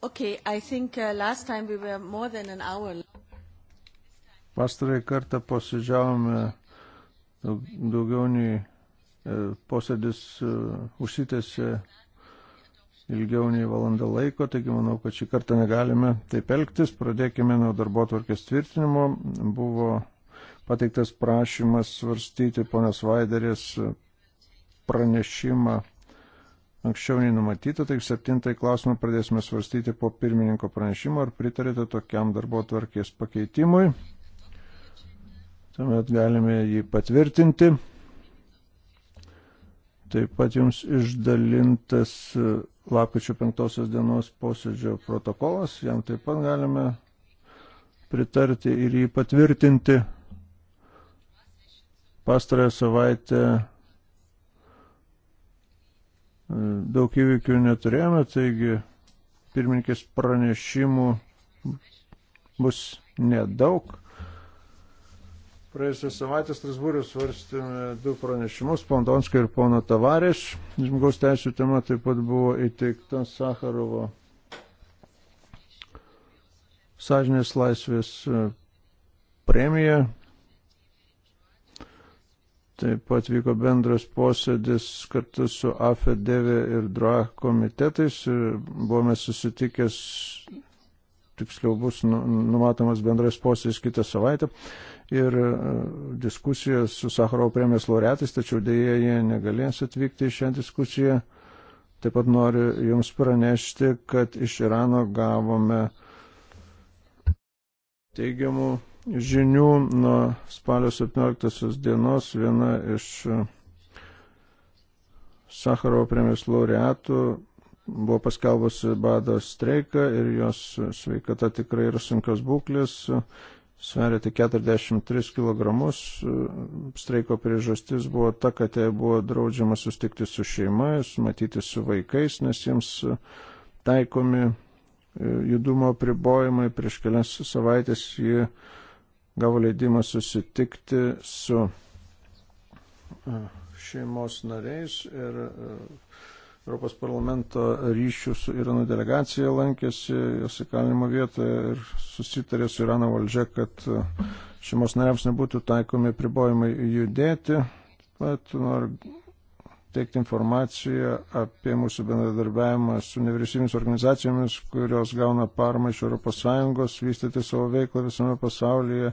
Okay, I think uh, last time we were more than an hour. Pastarąjį kartą posėdžiavome daugiau nei e, posėdis e, užsitęsė ilgiau nei valandą laiko, taigi manau, kad šį kartą negalime taip elgtis. Pradėkime nuo darbo tvarkės tvirtinimo. Buvo pateiktas prašymas svarstyti ponios Vaiderės pranešimą anksčiau nei numatyta, tai septintai klausimą pradėsime svarstyti po pirmininko pranešimo, ar pritarėte tokiam darbo tvarkės pakeitimui. Tuomet galime jį patvirtinti. Taip pat jums išdalintas lapkričio penktosios dienos posėdžio protokolas, jam taip pat galime pritarti ir jį patvirtinti. Pastarąją savaitę daug įvykių neturėjome, taigi pirmininkės pranešimų bus nedaug. Praėjusią savaitę Strasbūrių svarstėme du pranešimus, Pondonską ir pono Tavarės. Žmogaus teisų tema taip pat buvo įteikta Sakarovo sąžinės laisvės premija. Taip pat vyko bendras posėdis kartu su AFEDEVE ir DRA komitetais ir buvome susitikęs, tiksliau bus nu, numatomas bendras posėdis kitą savaitę ir e, diskusija su Sakharovo premijos laureatais, tačiau dėja jie negalės atvykti į šią diskusiją. Taip pat noriu Jums pranešti, kad iš Irano gavome teigiamų žinių nuo spalio 17 dienos viena iš e, Sakarovo premijos laureatų buvo paskelbusi bado streiką ir jos sveikata tikrai yra sunkios būklės, sveria tik 43 kg. Streiko priežastis buvo ta, kad jai buvo draudžiama sustikti su šeimais, matyti su vaikais, nes jiems taikomi e, judumo pribojimai. Prieš kelias savaitės jį gavo leidimą susitikti su e, šeimos nariais ir e, Europos parlamento ryšių su Irano delegacija lankėsi jos įkalinimo vietoje ir susitarė su Irano valdžia, kad e, šeimos nariams nebūtų taikomi pribojimai judėti. Bet noriu teikti informaciją apie mūsų bendradarbiavimą su nevyriausybėmis organizacijomis, kurios gauna paramą iš ES, vystyti savo veiklą visame pasaulyje.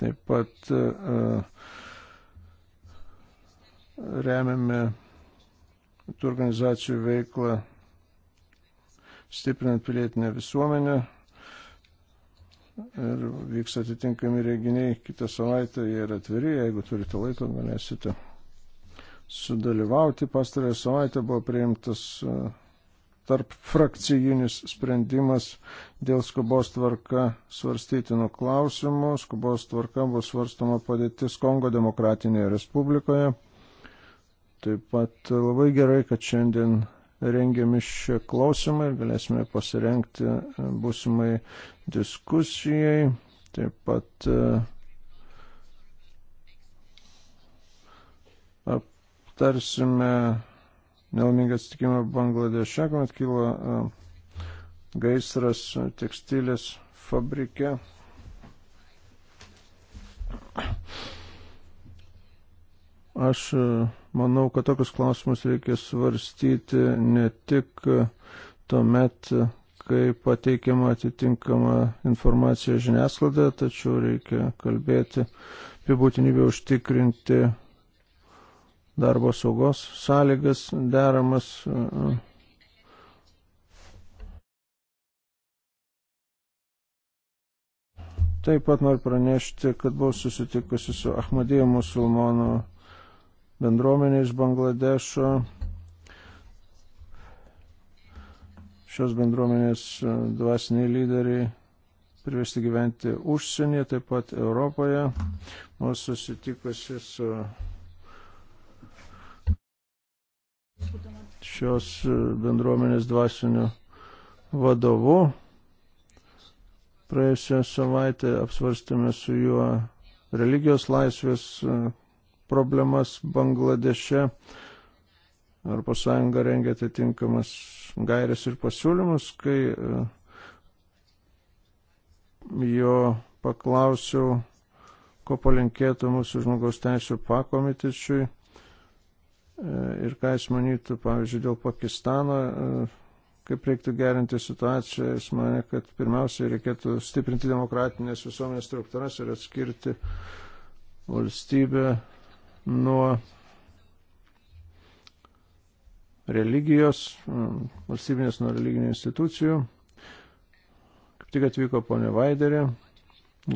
Taip pat e, e, remiame tų organizacijų veiklą, stiprinant pilietinę visuomenę. Ir vyks atitinkami renginiai kitą savaitę, jie yra atviri, jeigu turite laiko, galėsite sudalyvauti. Pastarąją savaitę buvo priimtas e, tarp frakcijinis sprendimas dėl skubos tvarka svarstytinų klausimų. Skubos tvarka bus svarstoma padėtis Kongo demokratinėje respublikoje. Taip pat labai gerai, kad šiandien rengiami šie klausimai ir galėsime pasirenkti e, būsimai diskusijai. Taip pat uh, aptarsime nelaimingą atsitikimą Bangladeše, kuomet kilo e, gaisras tekstilės fabrike. Aš e, manau, kad tokius klausimus reikia svarstyti ne tik e, tuomet, kai pateikiama atitinkama informacija žiniasklaidoje, tačiau reikia kalbėti apie būtinybę užtikrinti darbo saugos sąlygas deramas. E, taip pat noriu pranešti, kad buvau susitikusi su Ahmadėjo musulmonų bendruomenė iš Bangladešo. Šios bendruomenės e, dvasiniai lyderiai privesti gyventi užsienyje, taip pat Europoje. Mūsų susitikusi su šios e, bendruomenės dvasiniu vadovu. Praėjusią savaitę apsvarstėme su juo religijos laisvės e, problemas Bangladeše. Europos Sąjunga rengia atitinkamas gairias ir pasiūlymus, kai e, jo paklausiau, ko palinkėtų mūsų žmogaus teisų pakomitečiui E, ir ką jis manytų, pavyzdžiui, dėl Pakistano, e, kaip reiktų gerinti situaciją, jis mane, kad pirmiausiai reikėtų stiprinti demokratinės visuomenės struktūras ir atskirti valstybę nuo religijos, e, valstybinės nuo religinių institucijų. Kaip tik atvyko ponė Vaiderė,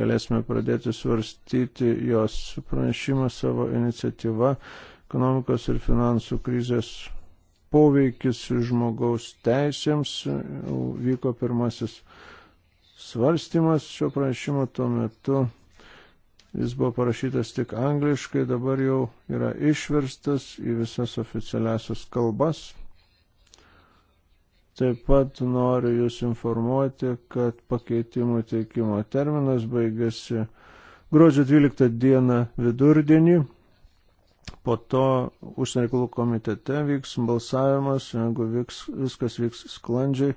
galėsime pradėti svarstyti jos pranešimą savo iniciatyvą ekonomikos ir finansų krizės poveikis žmogaus teisėms. Vyko pirmasis svarstymas šio prašymo tuo metu. Jis buvo parašytas tik angliškai, dabar jau yra išverstas į visas oficialiasias kalbas. Taip pat noriu Jūs informuoti, kad pakeitimų teikimo terminas baigėsi gruodžio 12 dieną vidurdienį. Po to užsienio reikalų komitete vyks balsavimas, jeigu vyks, viskas vyks sklandžiai,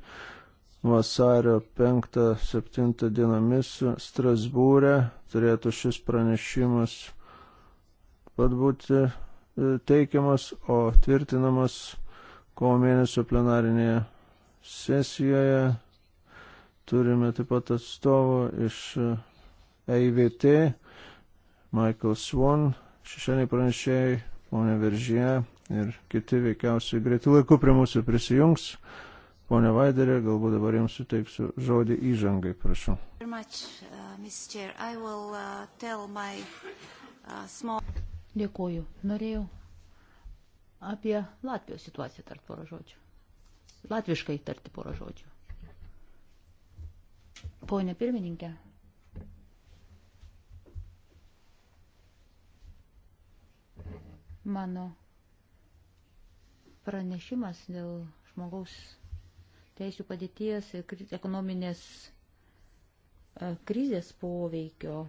vasario 5-7 dienomis Strasbūrė turėtų šis pranešimas pat būti e, teikiamas, o tvirtinamas kovo mėnesio plenarinėje sesijoje. Turime taip pat atstovų iš EIVT, e Michael Swan, šešėliai pranešėjai, ponė Veržė ir kiti veikiausiai greitų laikų prie mūsų prisijungs. Pone Vaiderė, galbūt dabar jums suteiksiu žodį įžangai, prašau. Uh, uh, uh, Dėkuoju. Norėjau apie Latvijos situaciją tart porą žodžių. Latviškai tarti porą žodžių. Pone pirmininkė, Mano pranešimas dėl žmogaus teisų padėties ir ekonominės e, krizės poveikio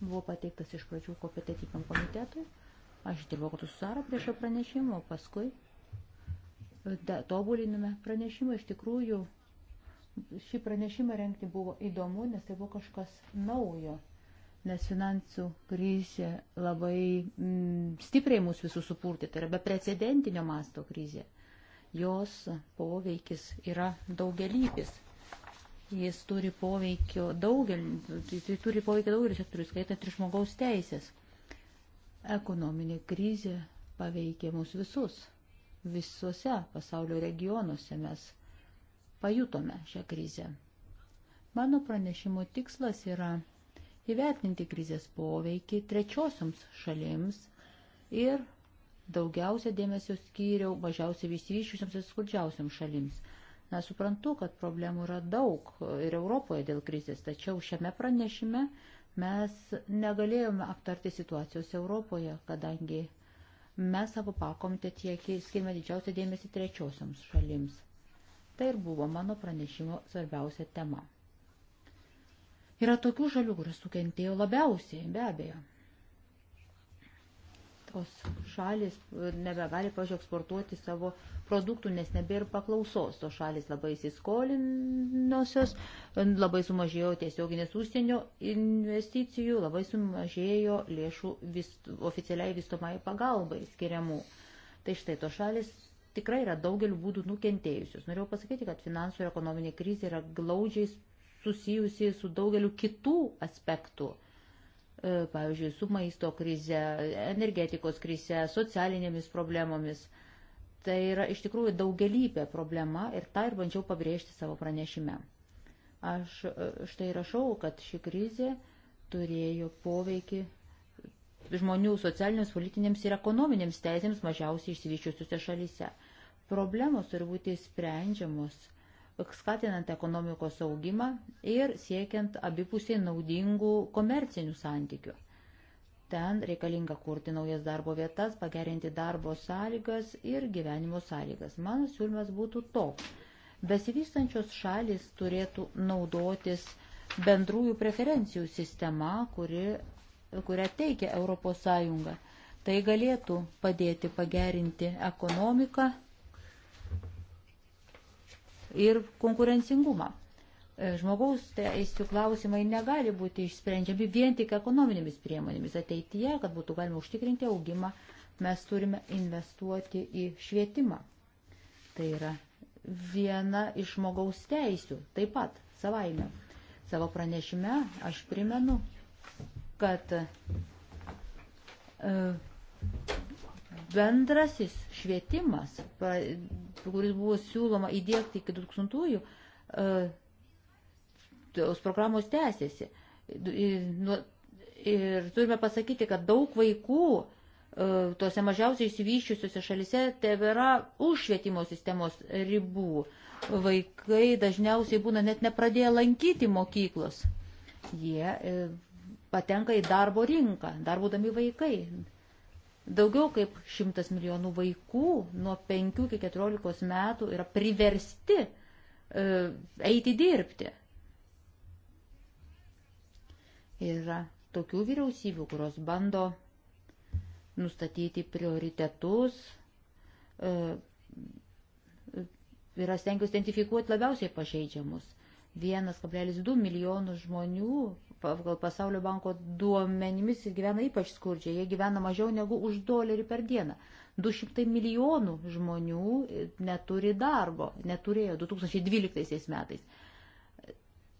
buvo pateiktas iš pradžių kompetitypiam komitetui. Aš dirbau kartu su Sara prieš pranešimą, o paskui e, da, tobulinime pranešimą. Iš tikrųjų, šį pranešimą renkti buvo įdomu, nes tai buvo kažkas naujo nes finansų krizė labai mm, stipriai mūsų visus supurtė, tai yra beprecedentinio masto krizė. Jos poveikis yra daugelypis. Jis turi poveikio daugelį, tai, tai turi poveikio daugelį sektorių, skaitant ir žmogaus teisės. Ekonominė krizė paveikė mus visus. Visuose pasaulio regionuose mes pajutome šią krizę. Mano pranešimo tikslas yra įvertinti krizės poveikį trečiosioms šalims ir daugiausia dėmesio skyriau mažiausiai vystyvyščiusiams ir skurdžiausiams šalims. Na, suprantu, kad problemų yra daug ir Europoje dėl krizės, tačiau šiame pranešime mes negalėjome aptarti situacijos Europoje, kadangi mes savo pakomitetį skirime didžiausią dėmesį trečiosioms šalims. Tai ir buvo mano pranešimo svarbiausia tema. Yra tokių šalių, kuris sukentėjo labiausiai, be abejo. Tos šalis e, nebegali, pažiūrėjau, eksportuoti savo produktų, nes nebėra paklausos. Tos šalis labai įsiskolinosios, e, labai sumažėjo tiesioginės užsienio investicijų, labai sumažėjo lėšų vis, oficialiai vystomai pagalbai skiriamų. Tai štai tos šalis tikrai yra daugeliu būdų nukentėjusius. Norėjau pasakyti, kad finansų ir ekonominė krizė yra glaudžiai susijusi su daugeliu kitų aspektų. E, pavyzdžiui, su maisto krize, energetikos krize, socialinėmis problemomis. Tai yra iš tikrųjų daugelybė problema ir tą ir bandžiau pabrėžti savo pranešime. Aš e, štai rašau, kad ši krizė turėjo poveikį žmonių socialinėms, politinėms ir ekonominėms teisėms mažiausiai išsivyščiusiuose šalyse. Problemos turi būti sprendžiamos skatinant ekonomikos augimą ir siekiant abipusiai naudingų komercinių santykių. Ten reikalinga kurti naujas darbo vietas, pagerinti darbo sąlygas ir gyvenimo sąlygas. Mano siūlymas būtų toks. Besivystančios šalis turėtų naudotis bendrųjų preferencijų sistema, kuri, kurią teikia ES. Tai galėtų padėti pagerinti ekonomiką ir konkurencingumą. E, žmogaus teisų klausimai negali būti išsprendžiami vien tik ekonominėmis priemonėmis. Ateityje, kad būtų galima užtikrinti augimą, mes turime investuoti į švietimą. Tai yra viena iš žmogaus teisių, taip pat savaime. Savo pranešime aš primenu, kad e, bendrasis švietimas pra, kuris buvo siūloma įdėkti iki 2000-ųjų, e, tos programos tęsiasi. Ir, ir turime pasakyti, kad daug vaikų e, tose mažiausiai išsivyščiusiuose šalise tebėra už švietimo sistemos ribų. Vaikai dažniausiai būna net nepradėję lankyti mokyklos. Jie e, patenka į darbo rinką, dar būdami vaikai. Daugiau kaip 100 milijonų vaikų nuo 5 iki 14 metų yra priversti e, eiti dirbti. Yra tokių vyriausybių, kurios bando nustatyti prioritetus, e, yra stengiuosi identifikuoti labiausiai pažeidžiamus. 1,2 milijonų žmonių pagal Pasaulio banko duomenimis gyvena ypač skurdžiai. Jie gyvena mažiau negu už dolerį per dieną. 200 milijonų žmonių neturi darbo, neturėjo 2012 metais.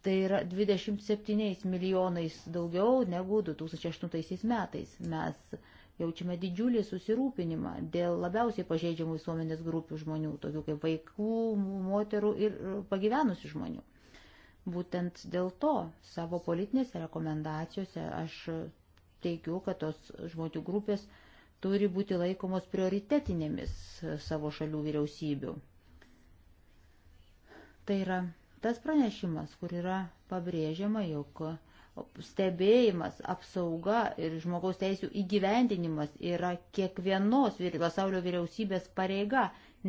Tai yra 27 milijonais daugiau negu 2008 metais. Mes jaučiame didžiulį susirūpinimą dėl labiausiai pažeidžiamų visuomenės grupių žmonių, tokių kaip vaikų, moterų ir pagyvenusių žmonių. Būtent dėl to savo politinėse rekomendacijose aš teigiu, kad tos žmonių grupės turi būti laikomos prioritetinėmis savo šalių vyriausybių. Tai yra tas pranešimas, kur yra pabrėžiama, jog stebėjimas, apsauga ir žmogaus teisų įgyvendinimas yra kiekvienos pasaulio vyriausybės pareiga,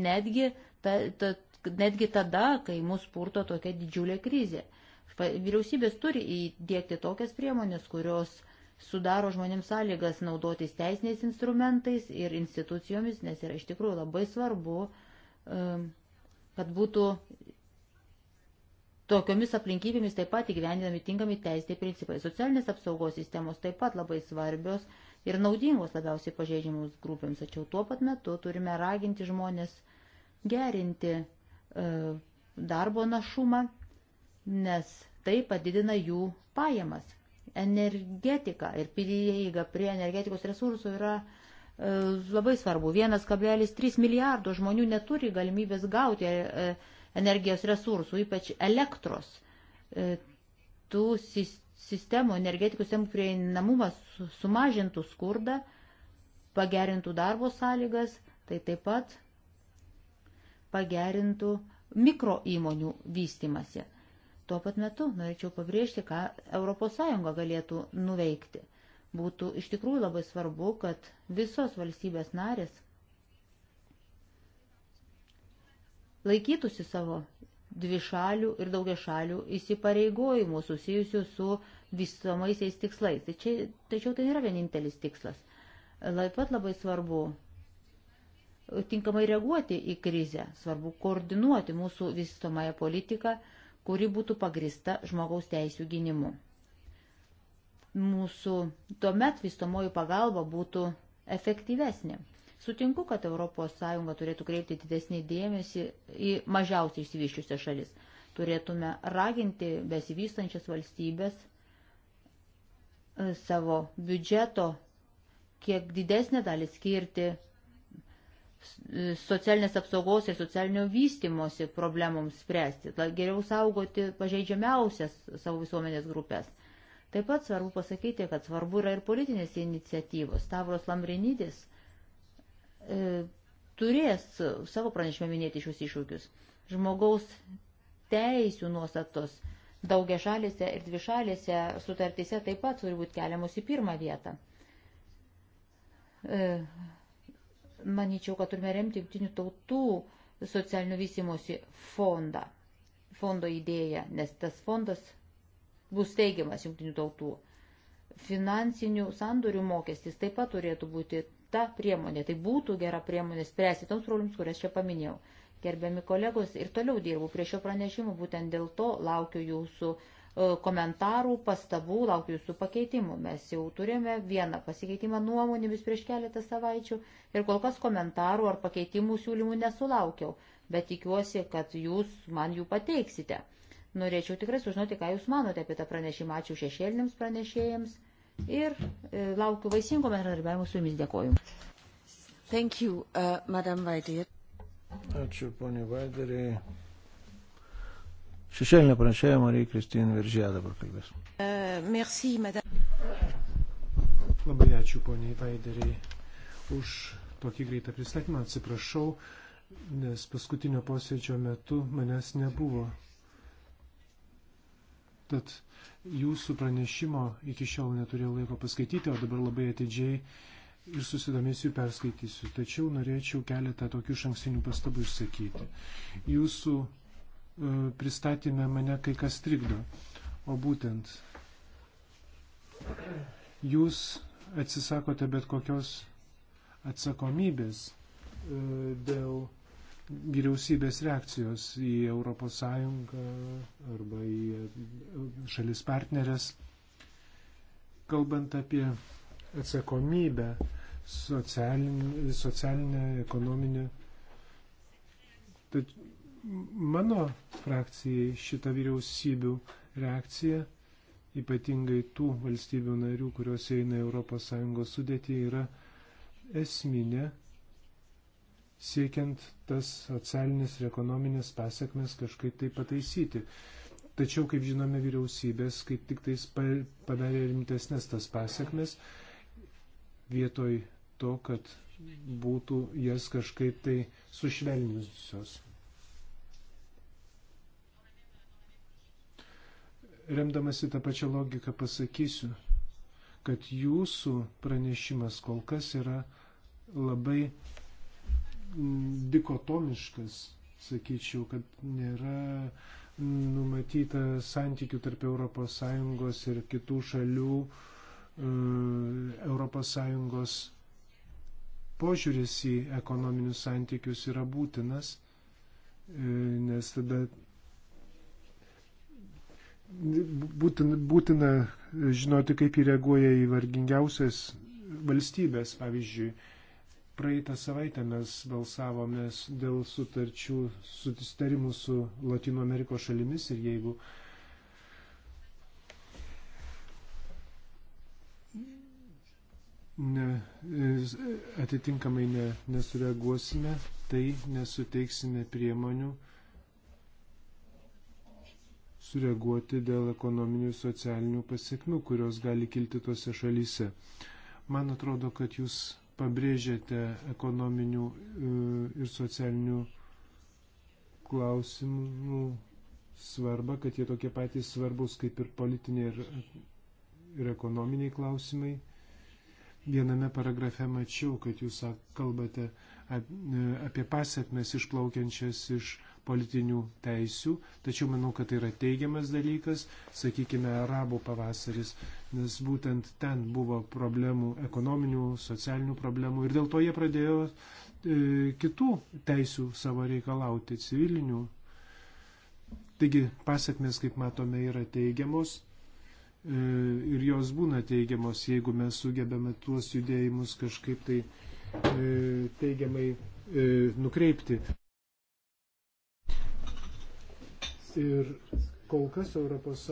netgi ta, ta, netgi tada, kai mus purto tokia didžiulė krizė. Vyriausybės turi įdėkti tokias priemonės, kurios sudaro žmonėms sąlygas naudotis teisiniais instrumentais ir institucijomis, nes yra iš tikrųjų labai svarbu, um, kad būtų tokiomis aplinkybėmis taip pat įgyvendinami tinkami teisiniai principai. Socialinės apsaugos sistemos taip pat labai svarbios ir naudingos labiausiai pažeidžiamus grupėms, tačiau tuo pat metu turime raginti žmonės gerinti E, darbo našumą, nes tai padidina jų pajamas. Energetika ir prieiga prie energetikos resursų yra e, labai svarbu. 1,3 milijardo žmonių neturi galimybės gauti e, energijos resursų, ypač elektros. Tų sistemų, energetikos sistemų prieinamumas sumažintų skurdą, pagerintų darbo sąlygas, tai taip pat pagerintų mikro įmonių vystimasi. Tuo pat metu norėčiau pabrėžti, ką ES galėtų nuveikti. Būtų iš tikrųjų labai svarbu, kad visos valstybės narės laikytųsi savo dvišalių ir daugiašalių įsipareigojimų susijusių su visomaisiais tikslais. Tačiau, tačiau tai nėra vienintelis tikslas. Taip pat labai svarbu tinkamai reaguoti į krizę, svarbu koordinuoti mūsų vystomąją politiką, kuri būtų pagrista žmogaus teisų gynimu. Mūsų tuomet vystomoji pagalba būtų efektyvesnė. Sutinku, kad ES turėtų kreipti didesnį dėmesį į mažiausiai išsivyščiusią šalis. Turėtume raginti besivystančias valstybės e, savo biudžeto kiek didesnę dalį skirti socialinės apsaugos ir socialinio vystimosi problemoms spręsti, geriau saugoti pažeidžiamiausias savo visuomenės grupės. Taip pat svarbu pasakyti, kad svarbu yra ir politinės iniciatyvos. Stavros Lamrinidis e, turės savo pranešimą minėti šios iššūkius. Žmogaus teisių nuostatos daugia šalėse ir dvišalėse sutartyse taip pat turi būti keliamos į pirmą vietą. E, manyčiau, kad turime remti jungtinių tautų socialinių vystimosi fondą, fondo idėją, nes tas fondas bus teigiamas jungtinių tautų. Finansinių sandorių mokestis taip pat turėtų būti ta priemonė, tai būtų gera priemonė spręsti toms problemams, kurias čia paminėjau. Gerbiami kolegos, ir toliau dirbu prie šio pranešimo, būtent dėl to laukiu jūsų E, komentarų, pastabų, laukiu jūsų pakeitimų. Mes jau turime vieną pasikeitimą nuomonėmis prieš keletą savaičių ir kol kas komentarų ar pakeitimų siūlymų nesulaukiau, bet tikiuosi, kad jūs man jų pateiksite. Norėčiau tikrai sužinoti, ką jūs manote apie tą pranešimą. Ačiū šešėlinėms pranešėjams ir e, laukiu vaisingo bendradarbiavimo su jumis. Dėkoju. Thank you, uh, Madam Vaidė. Ačiū, ponė Vaiderė. Šešėlinė pranešėja Marija Kristin Viržė dabar kalbės. E, merci, Labai ačiū poniai Vaideriai už tokį greitą pristatymą. Atsiprašau, nes paskutinio posėdžio metu manęs nebuvo. Tad jūsų pranešimo iki šiol neturėjau laiko paskaityti, o dabar labai atidžiai ir susidomėsiu perskaitysiu. Tačiau norėčiau keletą tokių šanksinių pastabų išsakyti. Jūsų E, pristatymę mane kai kas trikdo. O būtent jūs atsisakote bet kokios atsakomybės e, dėl vyriausybės reakcijos į ES arba į e, šalis partnerės. Kalbant apie atsakomybę socialinę, ekonominę, tad mano frakcijai šita vyriausybių reakcija, ypatingai tų valstybių narių, kurios eina ES sudėtį, yra esminė siekiant tas socialinės ir ekonominės pasiekmes kažkaip tai pataisyti. Tačiau, kaip žinome, vyriausybės kaip tik tais padarė rimtesnės tas pasiekmes, vietoj to, kad būtų jas kažkaip tai sušvelniusios. remdamasi tą pačią logiką pasakysiu, kad jūsų pranešimas kol kas yra labai mm, dikotomiškas, sakyčiau, kad nėra numatyta santykių tarp ES ir kitų šalių ES požiūris į ekonominius santykius yra būtinas, e, nes tada būtina, būtina žinoti, kaip įreaguoja į vargingiausias valstybės. Pavyzdžiui, praeitą savaitę mes balsavome dėl sutarčių, sutarimų su Latino Amerikos šalimis ir jeigu ne, atitinkamai ne, nesureaguosime, tai nesuteiksime priemonių sureaguoti dėl ekonominių ir socialinių pasiekmių, kurios gali kilti tose šalyse. Man atrodo, kad jūs pabrėžėte ekonominių e, ir socialinių klausimų svarbą, kad jie tokie patys svarbus kaip ir politiniai ir, ir ekonominiai klausimai. Viename paragrafe mačiau, kad jūs kalbate e, apie pasiekmes išplaukiančias iš politinių teisių, tačiau manau, kad tai yra teigiamas dalykas, sakykime, arabų pavasaris, nes būtent ten buvo problemų, ekonominių, socialinių problemų ir dėl to jie pradėjo e, kitų teisių savo reikalauti, civilinių. Taigi pasiekmes, kaip matome, yra teigiamos e, ir jos būna teigiamos, jeigu mes sugebame tuos judėjimus kažkaip tai e, teigiamai e, nukreipti. Ir kol kas ES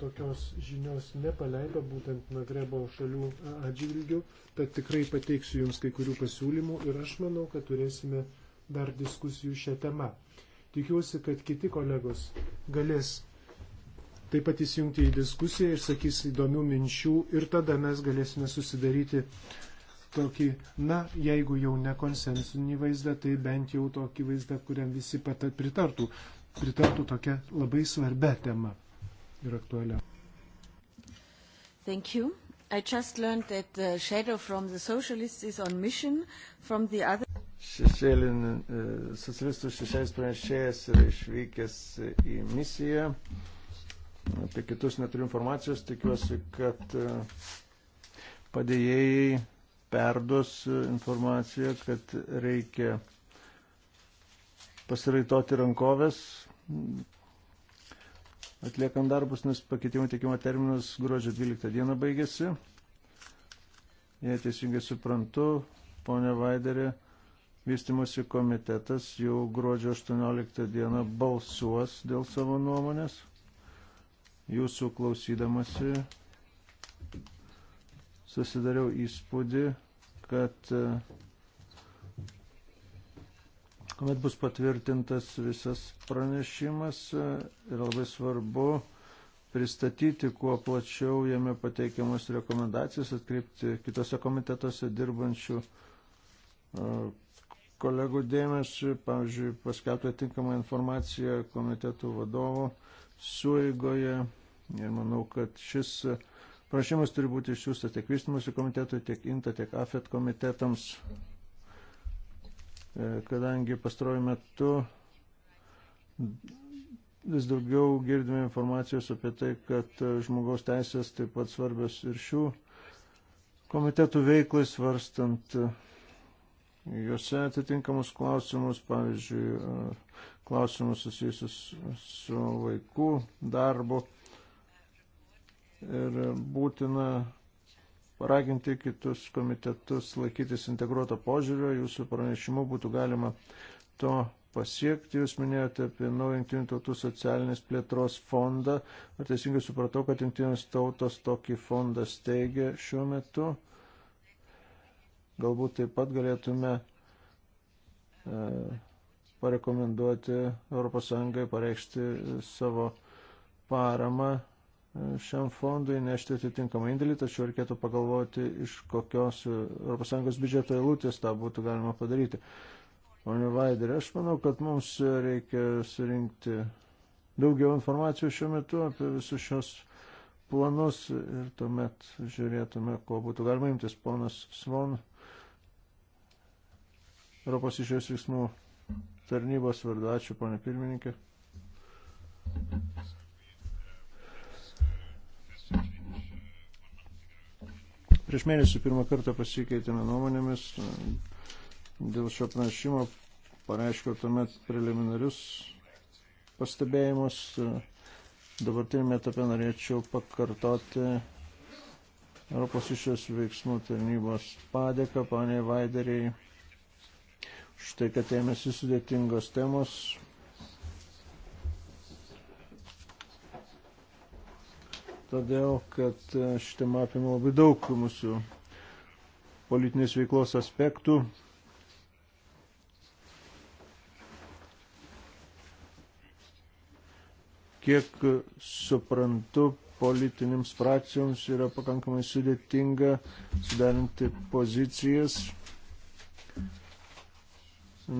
tokios žinios nepaleido būtent Magrebo šalių atžvilgių, tad tikrai pateiksiu Jums kai kurių pasiūlymų ir aš manau, kad turėsime dar diskusijų šią temą. Tikiuosi, kad kiti kolegos galės taip pat įsijungti į diskusiją ir sakys įdomių minčių ir tada mes galėsime susidaryti tokį, na, jeigu jau ne konsensinį vaizdą, tai bent jau tokį vaizdą, kuriam visi pat pritartų pritartų tokia labai svarbia tema ir aktualia. Thank you. I just learned that the shadow from the socialists is on mission from the other. Šešėlin, e, socialistų šešėlis pranešėjas yra išvykęs į misiją. Apie kitus neturiu informacijos, tikiuosi, kad e, padėjėjai perdos informaciją, kad reikia pasiraitoti rankovės Atliekam darbus, nes pakeitimų teikimo terminas gruodžio 12 dieną baigėsi. Jei teisingai suprantu, ponia Vaiderė, vystimosi komitetas jau gruodžio 18 dieną balsuos dėl savo nuomonės. Jūsų klausydamasi susidariau įspūdį, kad kuomet bus patvirtintas visas pranešimas, e, yra labai svarbu pristatyti kuo plačiau jame pateikiamas rekomendacijas, atkreipti kitose komitetuose dirbančių e, kolegų dėmesį, pavyzdžiui, paskelbti atinkamą informaciją komitetų vadovo sueigoje. Ir manau, kad šis prašymas turi būti išsiųstas tiek vystymosi komitetui, tiek INTA, tiek AFET komitetams. E, kadangi pastaruoju metu vis daugiau girdime informacijos apie tai, kad e, žmogaus teisės taip pat svarbios ir šių komitetų veiklai svarstant e, juose atitinkamus klausimus, pavyzdžiui, klausimus susijusius su vaikų darbu. Ir būtina paraginti kitus komitetus laikytis integruoto požiūrio, jūsų pranešimu būtų galima to pasiekti. Jūs minėjote apie naują jungtinių tautų socialinės plėtros fondą. Ar teisingai supratau, kad jungtinės tautos tokį fondą steigia šiuo metu? Galbūt taip pat galėtume e, parekomenduoti ES pareikšti savo paramą šiam fondui nešti atitinkamą indėlį, tačiau reikėtų pagalvoti, iš kokios ES biudžeto eilutės tą būtų galima padaryti. Pone Vaiderė, aš manau, kad mums reikia surinkti daugiau informacijos šiuo metu apie visus šios planus ir tuomet žiūrėtume, ko būtų galima imtis. Ponas Svon, Europos išės veiksmų tarnybos vardu, ačiū, ponė pirmininkė. Thank you. Prieš mėnesį pirmą kartą pasikeitėme nuomonėmis dėl šio pranešimo, pareiškiau tuomet preliminarius pastebėjimus. Dabartinėme etape norėčiau pakartoti Europos išės veiksmų tarnybos padėką, paniai Vaideriai, štai, kad ėmėsi sudėtingos temos, todėl kad e, ši tema apima labai daug mūsų politinės veiklos aspektų. Kiek suprantu, politinėms frakcijoms yra pakankamai sudėtinga sudarinti pozicijas,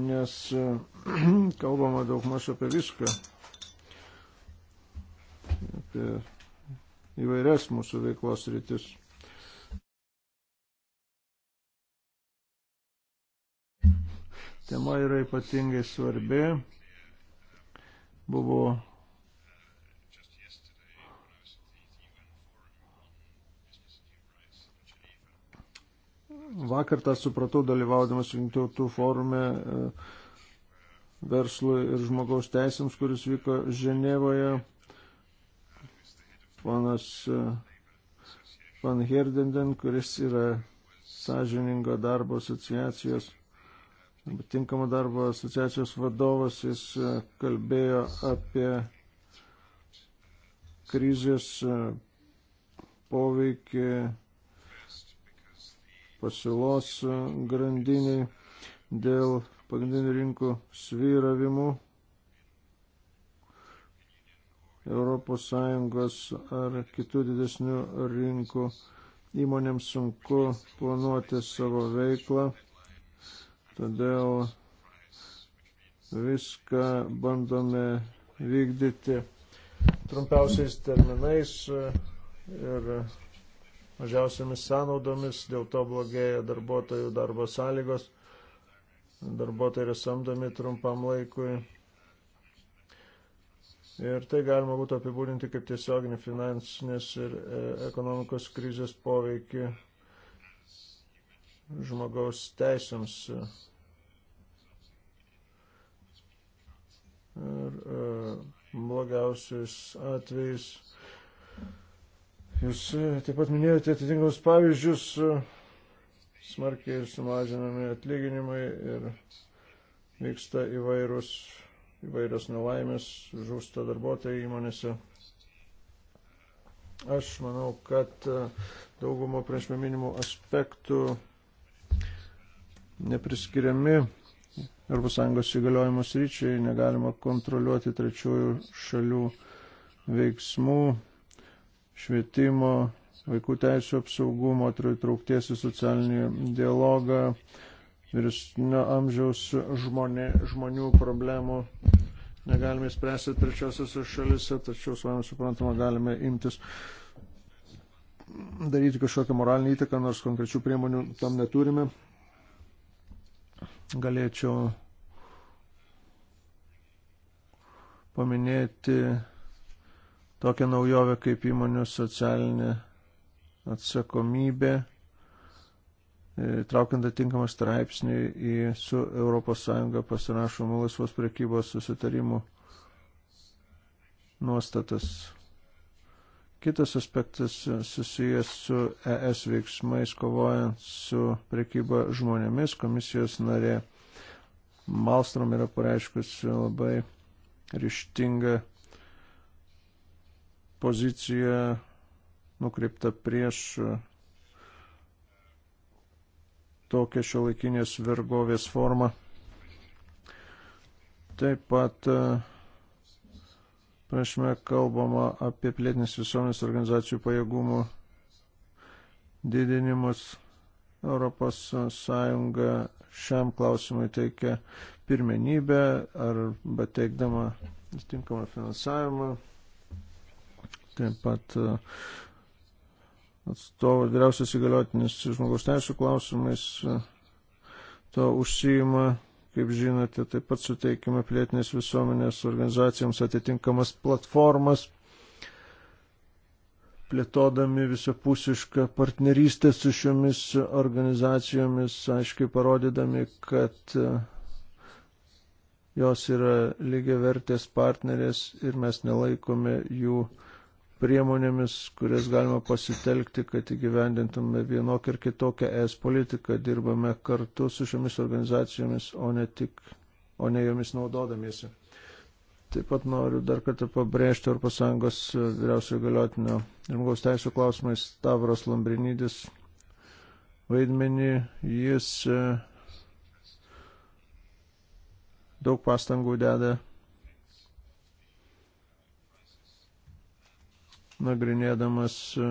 nes e, kalbama daug maž apie viską. Apie įvairias mūsų veiklos rytis. Tema yra ypatingai svarbi. Buvo Vakar tą supratau, dalyvaudamas jungtautų forume e, verslui ir žmogaus teisėms, kuris vyko Ženevoje ponas Van e, Herdenden, kuris yra sąžiningo darbo asociacijos, tinkamo darbo asociacijos vadovas, jis e, kalbėjo apie krizės e, poveikį pasiūlos grandiniai dėl pagrindinių rinkų svyravimų ES ar kitų didesnių rinkų įmonėms sunku planuoti savo veiklą, todėl viską bandome vykdyti trumpiausiais terminais ir mažiausiamis sąnaudomis, dėl to blogėja darbuotojų darbo sąlygos, darbuotojai yra samdomi trumpam laikui Ir tai galima būtų apibūdinti kaip tiesioginį finansinės ir e, ekonomikos krizės poveikį žmogaus teisėms. Ir e, blogiausiais atvejais. Jūs taip pat minėjote atitinkamus pavyzdžius, e, smarkiai sumažinami atlyginimai ir vyksta įvairūs įvairios nelaimės, žūsta darbuotojai įmonėse. Aš manau, kad e, daugumo priešme minimų aspektų nepriskiriami ES įgaliojimo sryčiai, negalima kontroliuoti trečiųjų šalių veiksmų, švietimo, vaikų teisų apsaugų, moterų įtraukties į socialinį dialogą, vyresnio amžiaus žmonė, žmonių problemų negalime spręsti trečiosiuose šalise, tačiau savame suprantama galime imtis daryti kažkokią moralinį įtaką, nors konkrečių priemonių tam neturime. Galėčiau paminėti tokią naujovę kaip įmonių socialinė atsakomybė E, traukiant atitinkamą straipsnį į su ES pasirašomų laisvos prekybos susitarimų nuostatas. Kitas aspektas susijęs su ES veiksmais kovojant su prekyba žmonėmis. Komisijos narė Malstrom yra pareiškusi labai ryštingą poziciją nukreiptą prieš tokią šio laikinės vergovės formą. Taip pat e, prašme kalbama apie plėtinės visuomenės organizacijų pajėgumų didinimus. Europos Sąjunga šiam klausimui teikia pirmenybę arba teikdama tinkamą finansavimą. Taip pat uh, atstovas, vyriausias įgaliotinis žmogaus teisų klausimais, e, to užsijima, kaip žinote, taip pat suteikime plėtinės visuomenės organizacijoms atitinkamas platformas, plėtodami visapusišką partnerystę su šiomis organizacijomis, aiškiai parodydami, kad e, jos yra lygiavertės partnerės ir mes nelaikome jų uh, priemonėmis, kurias galima pasitelkti, kad įgyvendintume vienokią ir kitokią ES politiką, dirbame kartu su šiomis organizacijomis, o ne tik, o ne jomis naudodamiesi. Taip pat noriu dar kartą pabrėžti Europos Sąjungos vyriausiojo galiotinio žmogaus teisų klausimais Tavros Lambrinydis vaidmenį. Jis e, daug pastangų deda nagrinėdamas e,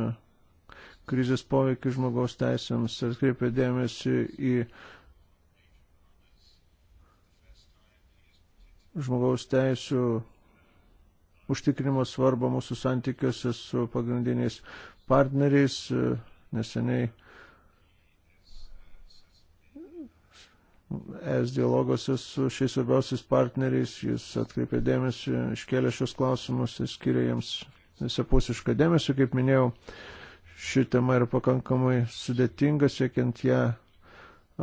krizės poveikį žmogaus teisėms, atkreipė dėmesį į žmogaus teisų užtikrinimo svarbą mūsų santykiuose su pagrindiniais partneriais. E, neseniai es dialogose su šiais svarbiausiais partneriais jis atkreipė dėmesį, iškėlė šios klausimus ir skiria jiems visapusišką dėmesį. Kaip minėjau, ši tema yra pakankamai sudėtinga, siekiant ją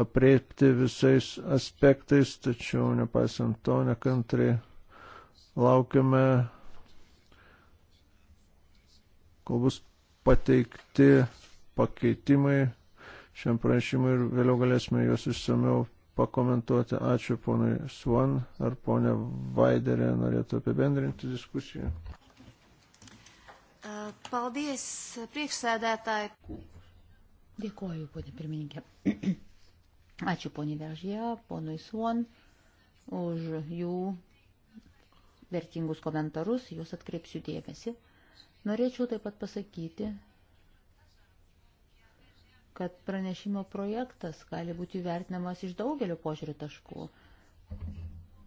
apreipti visais aspektais, tačiau nepaisant to nekantrai laukiame, kol bus pateikti pakeitimai šiam pranešimui ir vėliau galėsime juos išsameu pakomentuoti. Ačiū ponui Swan ar ponė Vaiderė norėtų apibendrinti diskusiją. Paldies, priekšsēdētāji. Dėkoju, ponė pirmininkė. Ačiū ponė Veržė, ponui Suon už jų vertingus komentarus, jūs atkreipsiu dėmesį. Norėčiau taip pat pasakyti, kad pranešimo projektas gali būti vertinamas iš daugelio požiūrių taškų.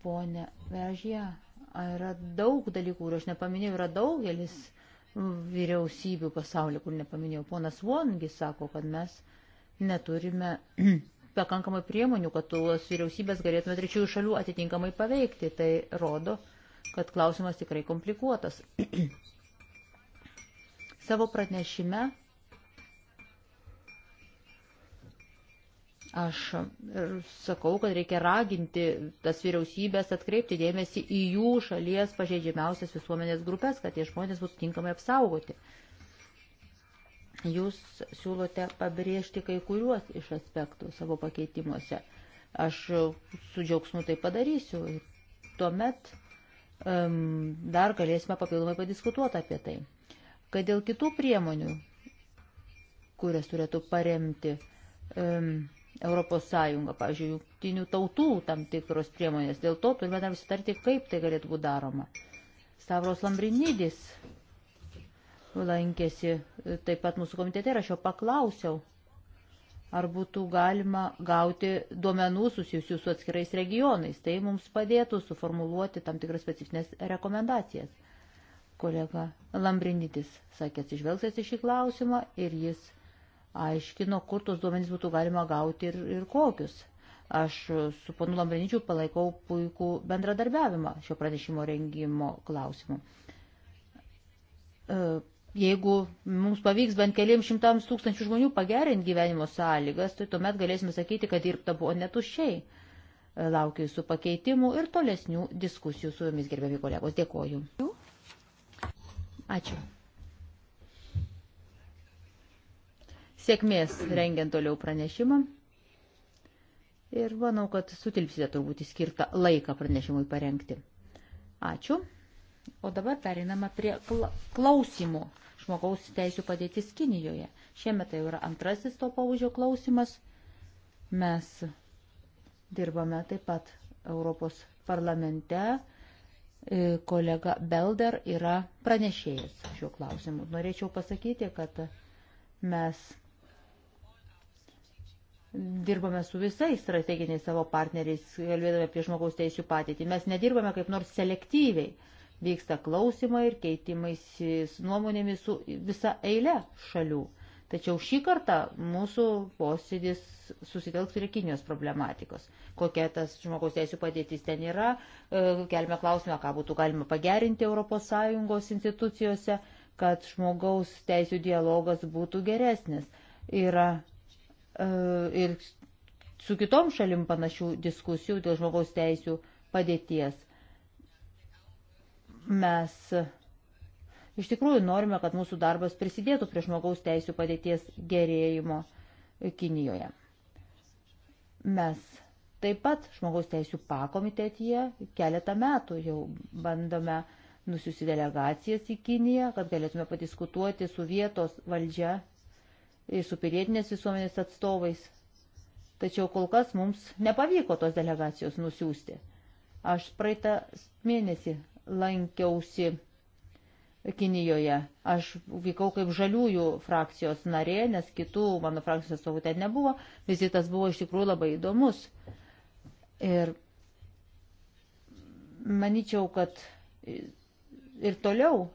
Pone Veržė, yra daug dalykų, ir aš nepaminėjau, yra daugelis dalykų vyriausybių pasaulio, kur nepaminėjau. Ponas Vongi sako, kad mes neturime pakankamai priemonių, kad tuos vyriausybės galėtume trečiųjų šalių atitinkamai paveikti. Tai rodo, kad klausimas tikrai komplikuotas. Savo pranešime Aš sakau, kad reikia raginti tas vyriausybės atkreipti dėmesį į jų šalies pažeidžiamiausias visuomenės grupės, kad tie žmonės būtų tinkamai apsaugoti. Jūs siūlote pabrėžti kai kuriuos iš aspektų savo pakeitimuose. Aš su džiaugsmu tai padarysiu. Tuomet um, dar galėsime papildomai padiskutuoti apie tai. Kad dėl kitų priemonių, kurias turėtų paremti um, Europos Sąjunga, pavyzdžiui, jungtinių tautų tam tikros priemonės. Dėl to turime dar sutarti, kaip tai galėtų būti daroma. Stavros Lambrinidis lankėsi taip pat mūsų komitete ir aš jo paklausiau, ar būtų galima gauti duomenų susijusių su atskirais regionais. Tai mums padėtų suformuluoti tam tikras specifines rekomendacijas. Kolega Lambrinitis sakė atsižvelgsęs į šį klausimą ir jis aiškino, kur tos duomenys būtų galima gauti ir, ir kokius. Aš su ponu Lambriničiu palaikau puikų bendradarbiavimą šio pranešimo rengimo klausimu. E, jeigu mums pavyks bent keliams šimtams tūkstančių žmonių pagerinti gyvenimo sąlygas, tai tuomet galėsime sakyti, kad dirbta buvo netuščiai. E, laukiu jūsų pakeitimų ir tolesnių diskusijų su jumis, gerbiami kolegos. Dėkoju. Ačiū. sėkmės rengiant toliau pranešimą. Ir manau, kad sutilpsite turbūt į skirtą laiką pranešimui parengti. Ačiū. O dabar periname prie klausimų. Žmogaus teisų padėtis Kinijoje. Šiemet tai yra antrasis to paužio klausimas. Mes dirbame taip pat Europos parlamente. E, kolega Belder yra pranešėjas šiuo klausimu. Norėčiau pasakyti, kad mes dirbame su visais strateginiais savo partneriais, kalbėdami apie žmogaus teisų patirtį. Mes nedirbame kaip nors selektyviai. Vyksta klausimai ir keitimais nuomonėmis su visa eile šalių. Tačiau šį kartą mūsų posėdis susitelks prie Kinijos problematikos. Kokia tas žmogaus teisų padėtis ten yra, e, kelime klausimą, ką būtų galima pagerinti ES institucijose, kad žmogaus teisų dialogas būtų geresnis. Yra E, ir su kitom šalim panašių diskusijų dėl žmogaus teisų padėties. Mes e, iš tikrųjų norime, kad mūsų darbas prisidėtų prie žmogaus teisų padėties gerėjimo Kinijoje. Mes taip pat žmogaus teisų pakomitetyje keletą metų jau bandome nusiusi delegacijas į Kiniją, kad galėtume padiskutuoti su vietos valdžia ir su pilietinės visuomenės atstovais. Tačiau kol kas mums nepavyko tos delegacijos nusiųsti. Aš praeitą mėnesį lankiausi Kinijoje. Aš vykau kaip žaliųjų frakcijos narė, nes kitų mano frakcijos atstovų ten nebuvo. Vizitas buvo iš tikrųjų labai įdomus. Ir manyčiau, kad ir toliau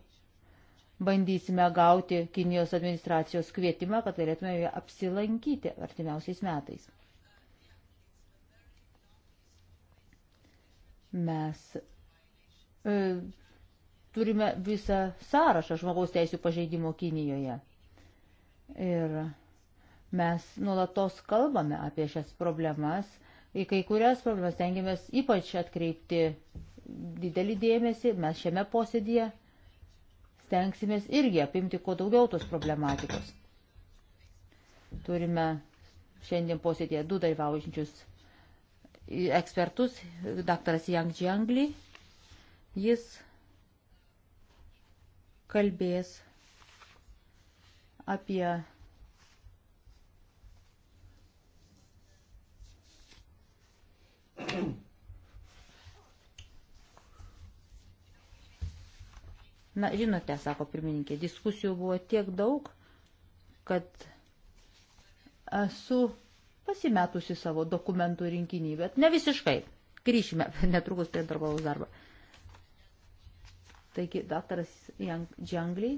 bandysime gauti Kinijos administracijos kvietimą, kad galėtume joje apsilankyti artimiausiais metais. Mes e, turime visą sąrašą žmogaus teisų pažeidimo Kinijoje. Ir mes nulatos kalbame apie šias problemas. Į kai kurias problemas tengiamės ypač atkreipti didelį dėmesį. Mes šiame posėdėje stengsimės irgi apimti kuo daugiau tos problematikos. Turime šiandien posėdėje du dalyvaujančius ekspertus, daktaras Yang Džiangli, jis kalbės apie Thank you. Na, žinote, sako pirmininkė, diskusijų buvo tiek daug, kad esu pasimetusi savo dokumentų rinkinį, bet ne visiškai. Grįšime netrukus prie darbaus darbo. Taigi, daktaras Džangliai,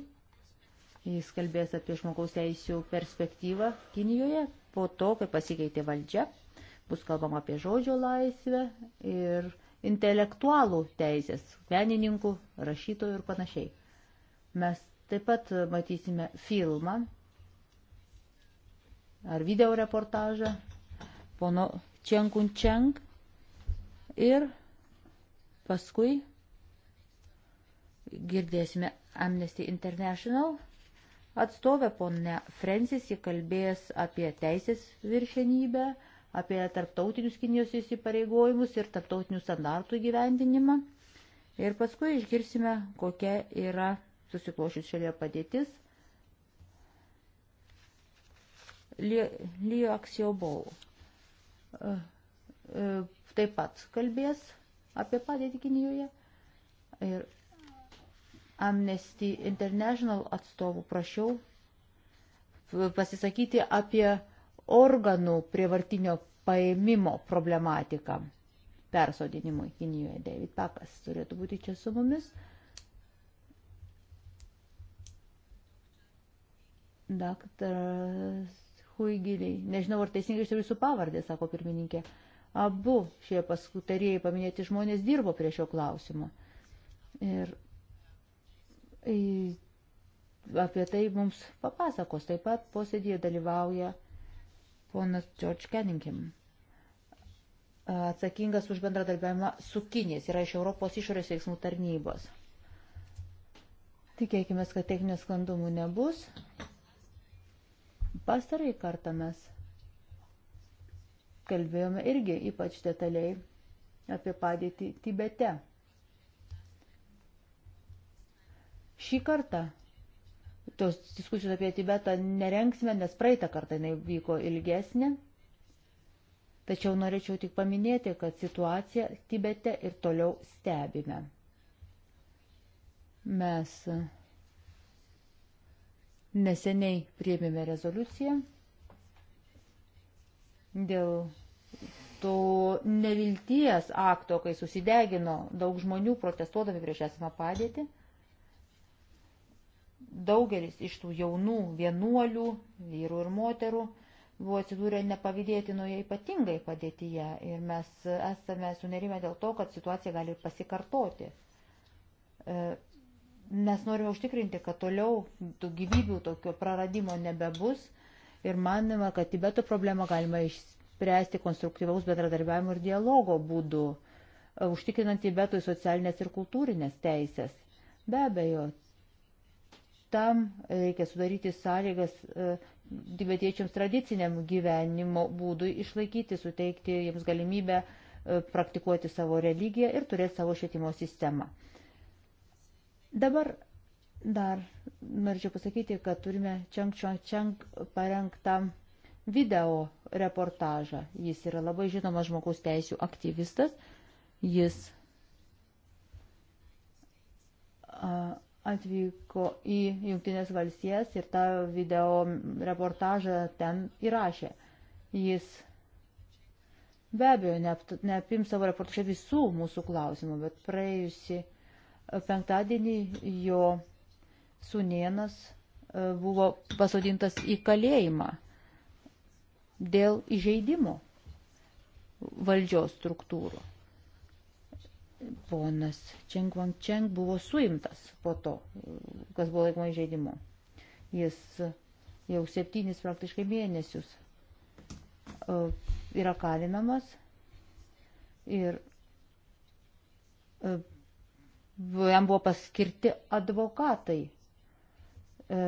jis kalbės apie žmogaus teisų perspektyvą Kinijoje, po to, kai pasikeitė valdžia, bus kalbama apie žodžio laisvę ir intelektualų teisės, menininkų, rašytojų ir panašiai. Mes taip pat matysime filmą ar video reportažą pono Čenkun Čenk ir paskui girdėsime Amnesty International atstovę ponę Francis, ji kalbės apie teisės viršenybę apie tarptautinius Kinijos įsipareigojimus ir tarptautinių standartų gyvendinimą. Ir paskui išgirsime, kokia yra susiklošius šalia padėtis. Lio Aksiobau e, e, taip pat kalbės apie padėtį Kinijoje. Ir Amnesty International atstovų prašiau pasisakyti apie organų prievartinio paėmimo problematiką persodinimui Kinijoje. David Pakas turėtų būti čia su mumis. Daktaras Huigiliai, nežinau ar teisingai ištariu su pavardė, sako pirmininkė. Abu šie paskutarieji paminėti žmonės dirbo prie šio klausimo. Ir apie tai mums papasakos. Taip pat posėdėje dalyvauja Ponas George Kenningham, atsakingas už bendradarbiavimą su Kinės, yra iš Europos išorės veiksmų tarnybos. Tikėkime, kad techninių sklandumų nebus. Pastarai kartą mes kalbėjome irgi ypač detaliai apie padėtį Tibete. Šį kartą tos diskusijos apie Tibetą nerenksime, nes praeitą kartą jinai vyko ilgesnė. Tačiau norėčiau tik paminėti, kad situaciją Tibete ir toliau stebime. Mes neseniai priėmėme rezoliuciją dėl to nevilties akto, kai susidegino daug žmonių protestuodami prieš esamą padėtį daugelis iš tų jaunų vienuolių, vyrų ir moterų, buvo atsidūrę nepavydėtinoje ypatingai padėtyje ir mes esame sunerime dėl to, kad situacija gali pasikartoti. E, mes norime užtikrinti, kad toliau tų gyvybių tokio praradimo nebebus ir manime, kad Tibeto problemą galima išspręsti konstruktyvaus bendradarbiavimo ir dialogo būdu, e, užtikrinant Tibetui socialinės ir kultūrinės teisės. Be abejo, Tam e, reikia sudaryti sąlygas e, tibetiečiams tradiciniam gyvenimo būdui išlaikyti, suteikti jiems galimybę e, praktikuoti savo religiją ir turėti savo švietimo sistemą. Dabar dar norėčiau pasakyti, kad turime Čeng Čeng Čeng parengtą video reportažą. Jis yra labai žinomas žmogaus teisų aktyvistas. Jis a, atvyko į Junktinės valstijas ir tą video reportažą ten įrašė. Jis be abejo neapim savo reportaže visų mūsų klausimų, bet praėjusi e, penktadienį jo sunienas e, buvo pasodintas į kalėjimą dėl įžeidimo valdžios struktūrų ponas Čeng Wang Čeng buvo suimtas po to, kas buvo laikoma įžeidimu. Jis jau septynis praktiškai mėnesius e, yra kalinamas ir e, jam buvo paskirti advokatai e,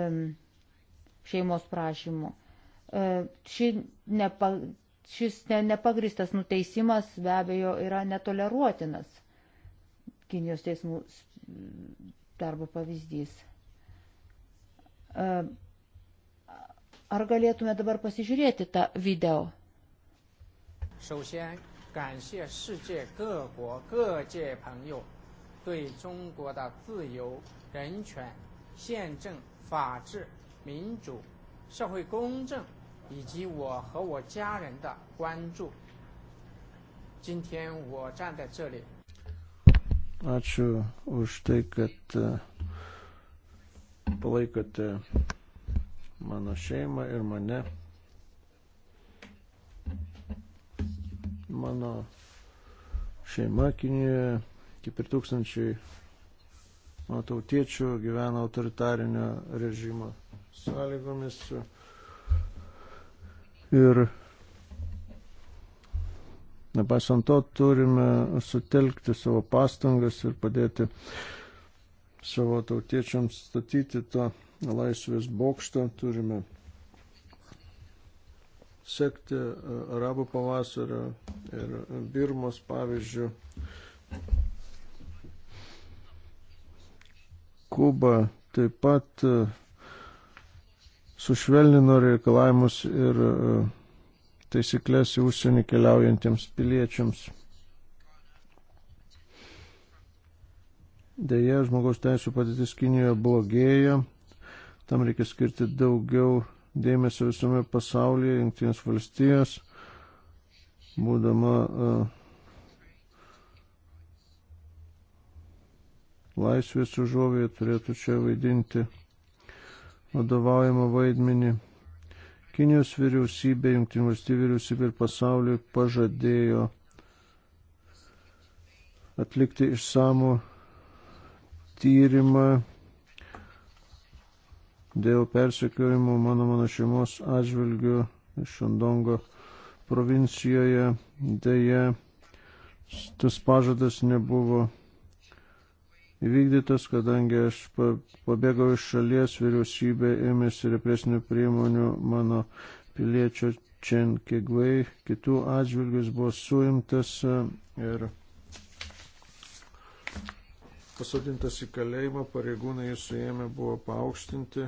šeimos prašymu. Ši nepa, šis ne, nepagristas nuteisimas be abejo yra netoleruotinas Kinijos teismų darbo pavyzdys. Ar galėtume dabar pasižiūrėti tą video? 首先，感谢世界各国各界朋友对中国的自由、人权、宪政、法治、民主、社会公正以及我和我家人的关注。今天我站在这里，Ačiū už tai, kad e, palaikote mano šeimą ir mane. Mano šeima Kinijoje, kaip ir tūkstančiai mano tautiečių, gyvena autoritarinio režimo sąlygomis. Ir Nepaisant to, turime sutelkti savo pastangas ir padėti savo tautiečiams statyti tą laisvės bokštą. Turime sekti e, arabų pavasario ir Birmos pavyzdžių. Kuba taip pat e, sušvelnino reikalavimus ir e, taisyklės į užsienį keliaujantiems piliečiams. Deja, žmogaus teisų padėtis Kinijoje blogėja, tam reikia skirti daugiau dėmesio visame pasaulyje, Junktinės valstijos, būdama uh, laisvės užuovėje turėtų čia vaidinti vadovaujamą vaidmenį. Kinijos vyriausybė, Junktinių valstybių vyriausybė ir pasauliui pažadėjo atlikti išsamų tyrimą dėl persekiojimų mano mano šeimos atžvilgių Šandongo provincijoje. Deja, tas pažadas nebuvo įvykdytas, kadangi aš pabėgau iš šalies, vyriausybė ėmėsi represinių priemonių mano piliečio Čen Kegvei, kitų atžvilgius buvo suimtas e, ir pasodintas į kalėjimą, pareigūnai jį suėmė, buvo paaukštinti.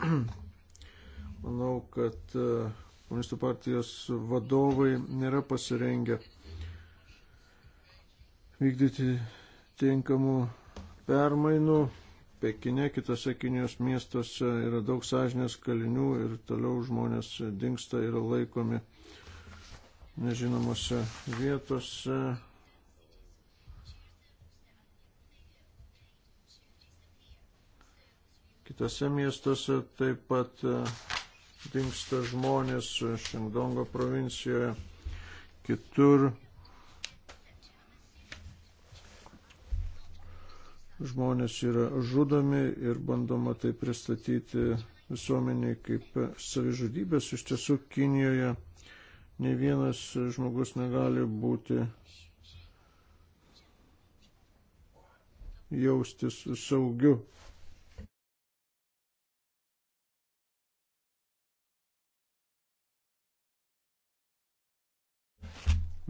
Manau, kad uh, komunistų partijos vadovai nėra pasirengę vykdyti tinkamų permainų. Pekine, kitose Kinijos miestuose yra daug sąžinės kalinių ir toliau žmonės dinksta ir laikomi nežinomose vietose. Kitose miestuose taip pat dinksta žmonės Šindongo provincijoje, kitur. Žmonės yra žudomi ir bandoma tai pristatyti visuomeniai kaip savižudybės. Iš tiesų Kinijoje ne vienas žmogus negali būti jaustis saugiu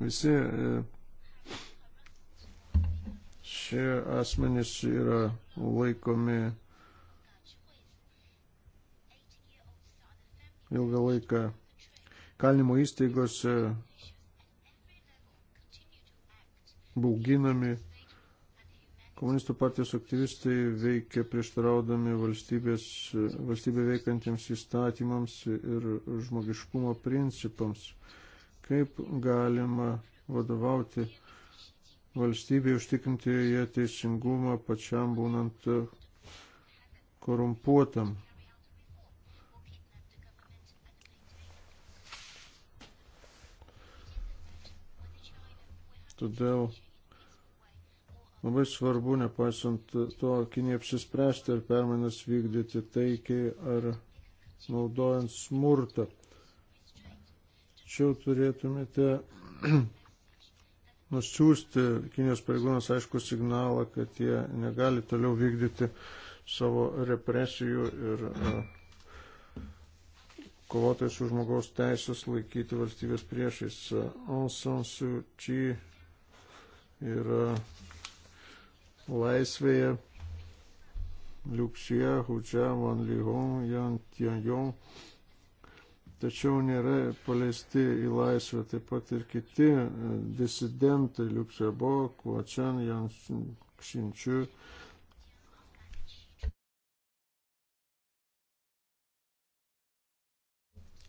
Visi e, šie asmenys yra laikomi ilgą laiką kalinimo įstaigose bauginami. Komunistų partijos aktyvistai veikia prieštaraudami valstybė veikantiems įstatymams ir žmogiškumo principams kaip galima vadovauti valstybėje, užtikrinti joje teisingumą pačiam būnant korumpuotam. Todėl labai svarbu, nepaisant to, Kinė apsispręsti ar permainas vykdyti taikiai ar naudojant smurtą tačiau turėtumėte nusiųsti Kinijos pareigūnams aišku signalą, kad jie negali toliau vykdyti savo represijų ir e, kovotojus už žmogaus teisės laikyti valstybės priešais. Aung San Suu Kyi yra laisvėje. Liuxia, Hučia, Van Lihong, Jan Tianjong tačiau nėra paleisti į laisvę taip pat ir kiti e, disidentai Liuksebo, Kuočian, Jankšinčių.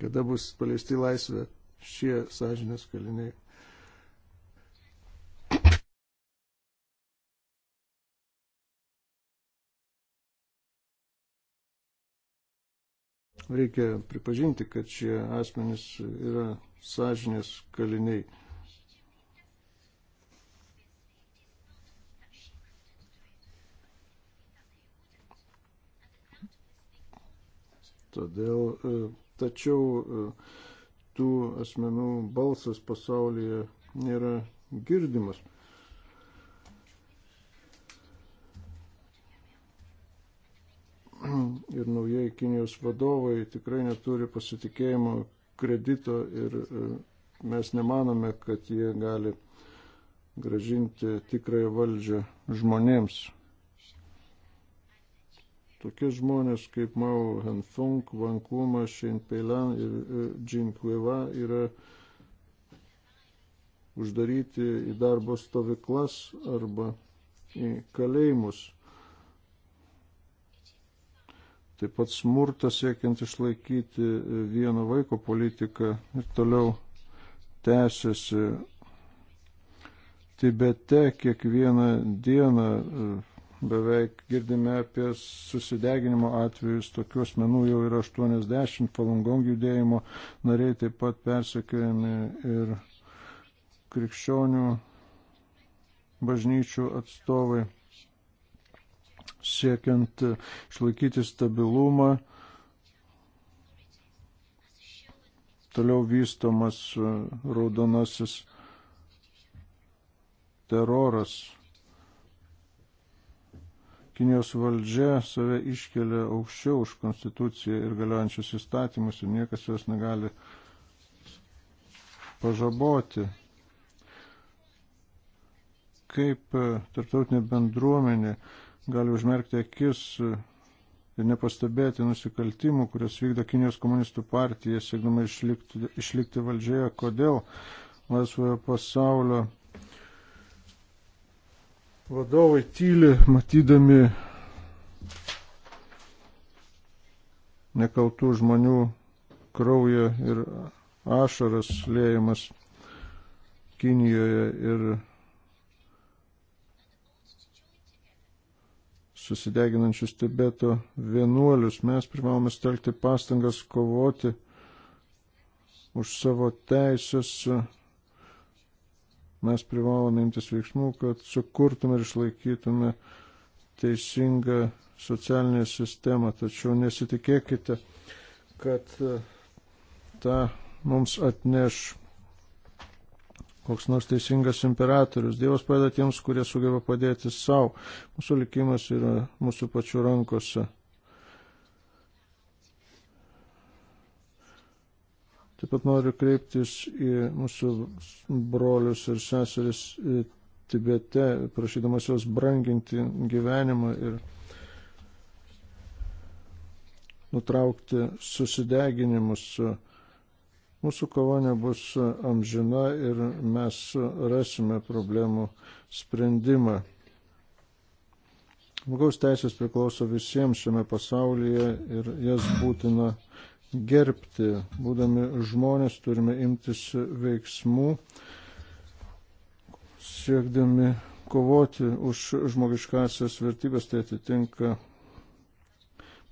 Kada bus paleisti į laisvę šie sąžinės kaliniai? Reikia pripažinti, kad šie asmenys yra sąžinės kaliniai. Todėl, e, tačiau e, tų asmenų balsas pasaulyje nėra girdimas. ir naujai Kinijos vadovai tikrai neturi pasitikėjimo kredito ir e, mes nemanome, kad jie gali gražinti tikrąją valdžią žmonėms. Tokie žmonės kaip Mao Hanfung, Vankuma, Shin Peilan ir e, Jin Kueva yra uždaryti į darbo stovyklas arba į kalėjimus. Taip pat smurtas siekiant išlaikyti e, vieno vaiko politiką ir toliau tęsiasi. Tibete kiekvieną dieną e, beveik girdime apie susideginimo atvejus, tokių asmenų jau yra 80, falungong judėjimo nariai taip pat persekiojami ir krikščionių bažnyčių atstovai siekiant išlaikyti stabilumą, toliau vystomas raudonasis teroras. Kinijos valdžia save iškelia aukščiau už konstituciją ir galiojančius įstatymus ir niekas juos negali pažaboti. Kaip tarptautinė bendruomenė gali užmerkti akis ir nepastebėti nusikaltimų, kurias vykdo Kinijos komunistų partija, siekdama išlikti, išlikti valdžioje, kodėl laisvojo pasaulio vadovai tyli, matydami nekaltų žmonių kraują ir ašaras lėjimas Kinijoje ir susideginančius Tibeto vienuolius. Mes privalome stelkti pastangas kovoti už savo teisės. Mes privalome imtis veiksmų, kad sukurtume ir išlaikytume teisingą socialinę sistemą. Tačiau nesitikėkite, kad e, ta mums atneš koks nors teisingas imperatorius. Dievas padeda tiems, kurie sugeba padėti savo. Mūsų likimas yra mūsų pačių rankose. Taip pat noriu kreiptis į mūsų brolius ir seseris e, Tibete, prašydamas juos branginti gyvenimą ir nutraukti susideginimus. Su Mūsų kova nebus amžina ir mes rasime problemų sprendimą. Žmogaus teisės priklauso visiems šiame pasaulyje ir jas būtina gerbti. Būdami žmonės turime imtis veiksmų, siekdami kovoti už žmogiškasias vertybės, tai atitinka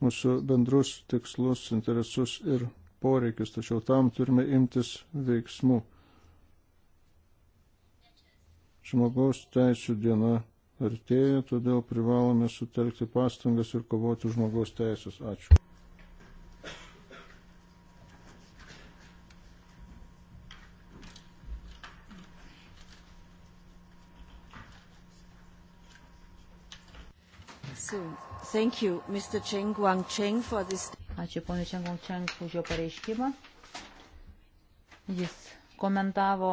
mūsų bendrus tikslus, interesus ir poreikis, tačiau tam turime imtis veiksmų. Žmogaus teisų diena artėja, todėl privalome sutelkti pastangas ir kovoti žmogaus teisės. Ačiū. So, thank you, Mr. Cheng Guangcheng, for this. Ačiū ponui Čengong Čeng už jo pareiškimą. Jis komentavo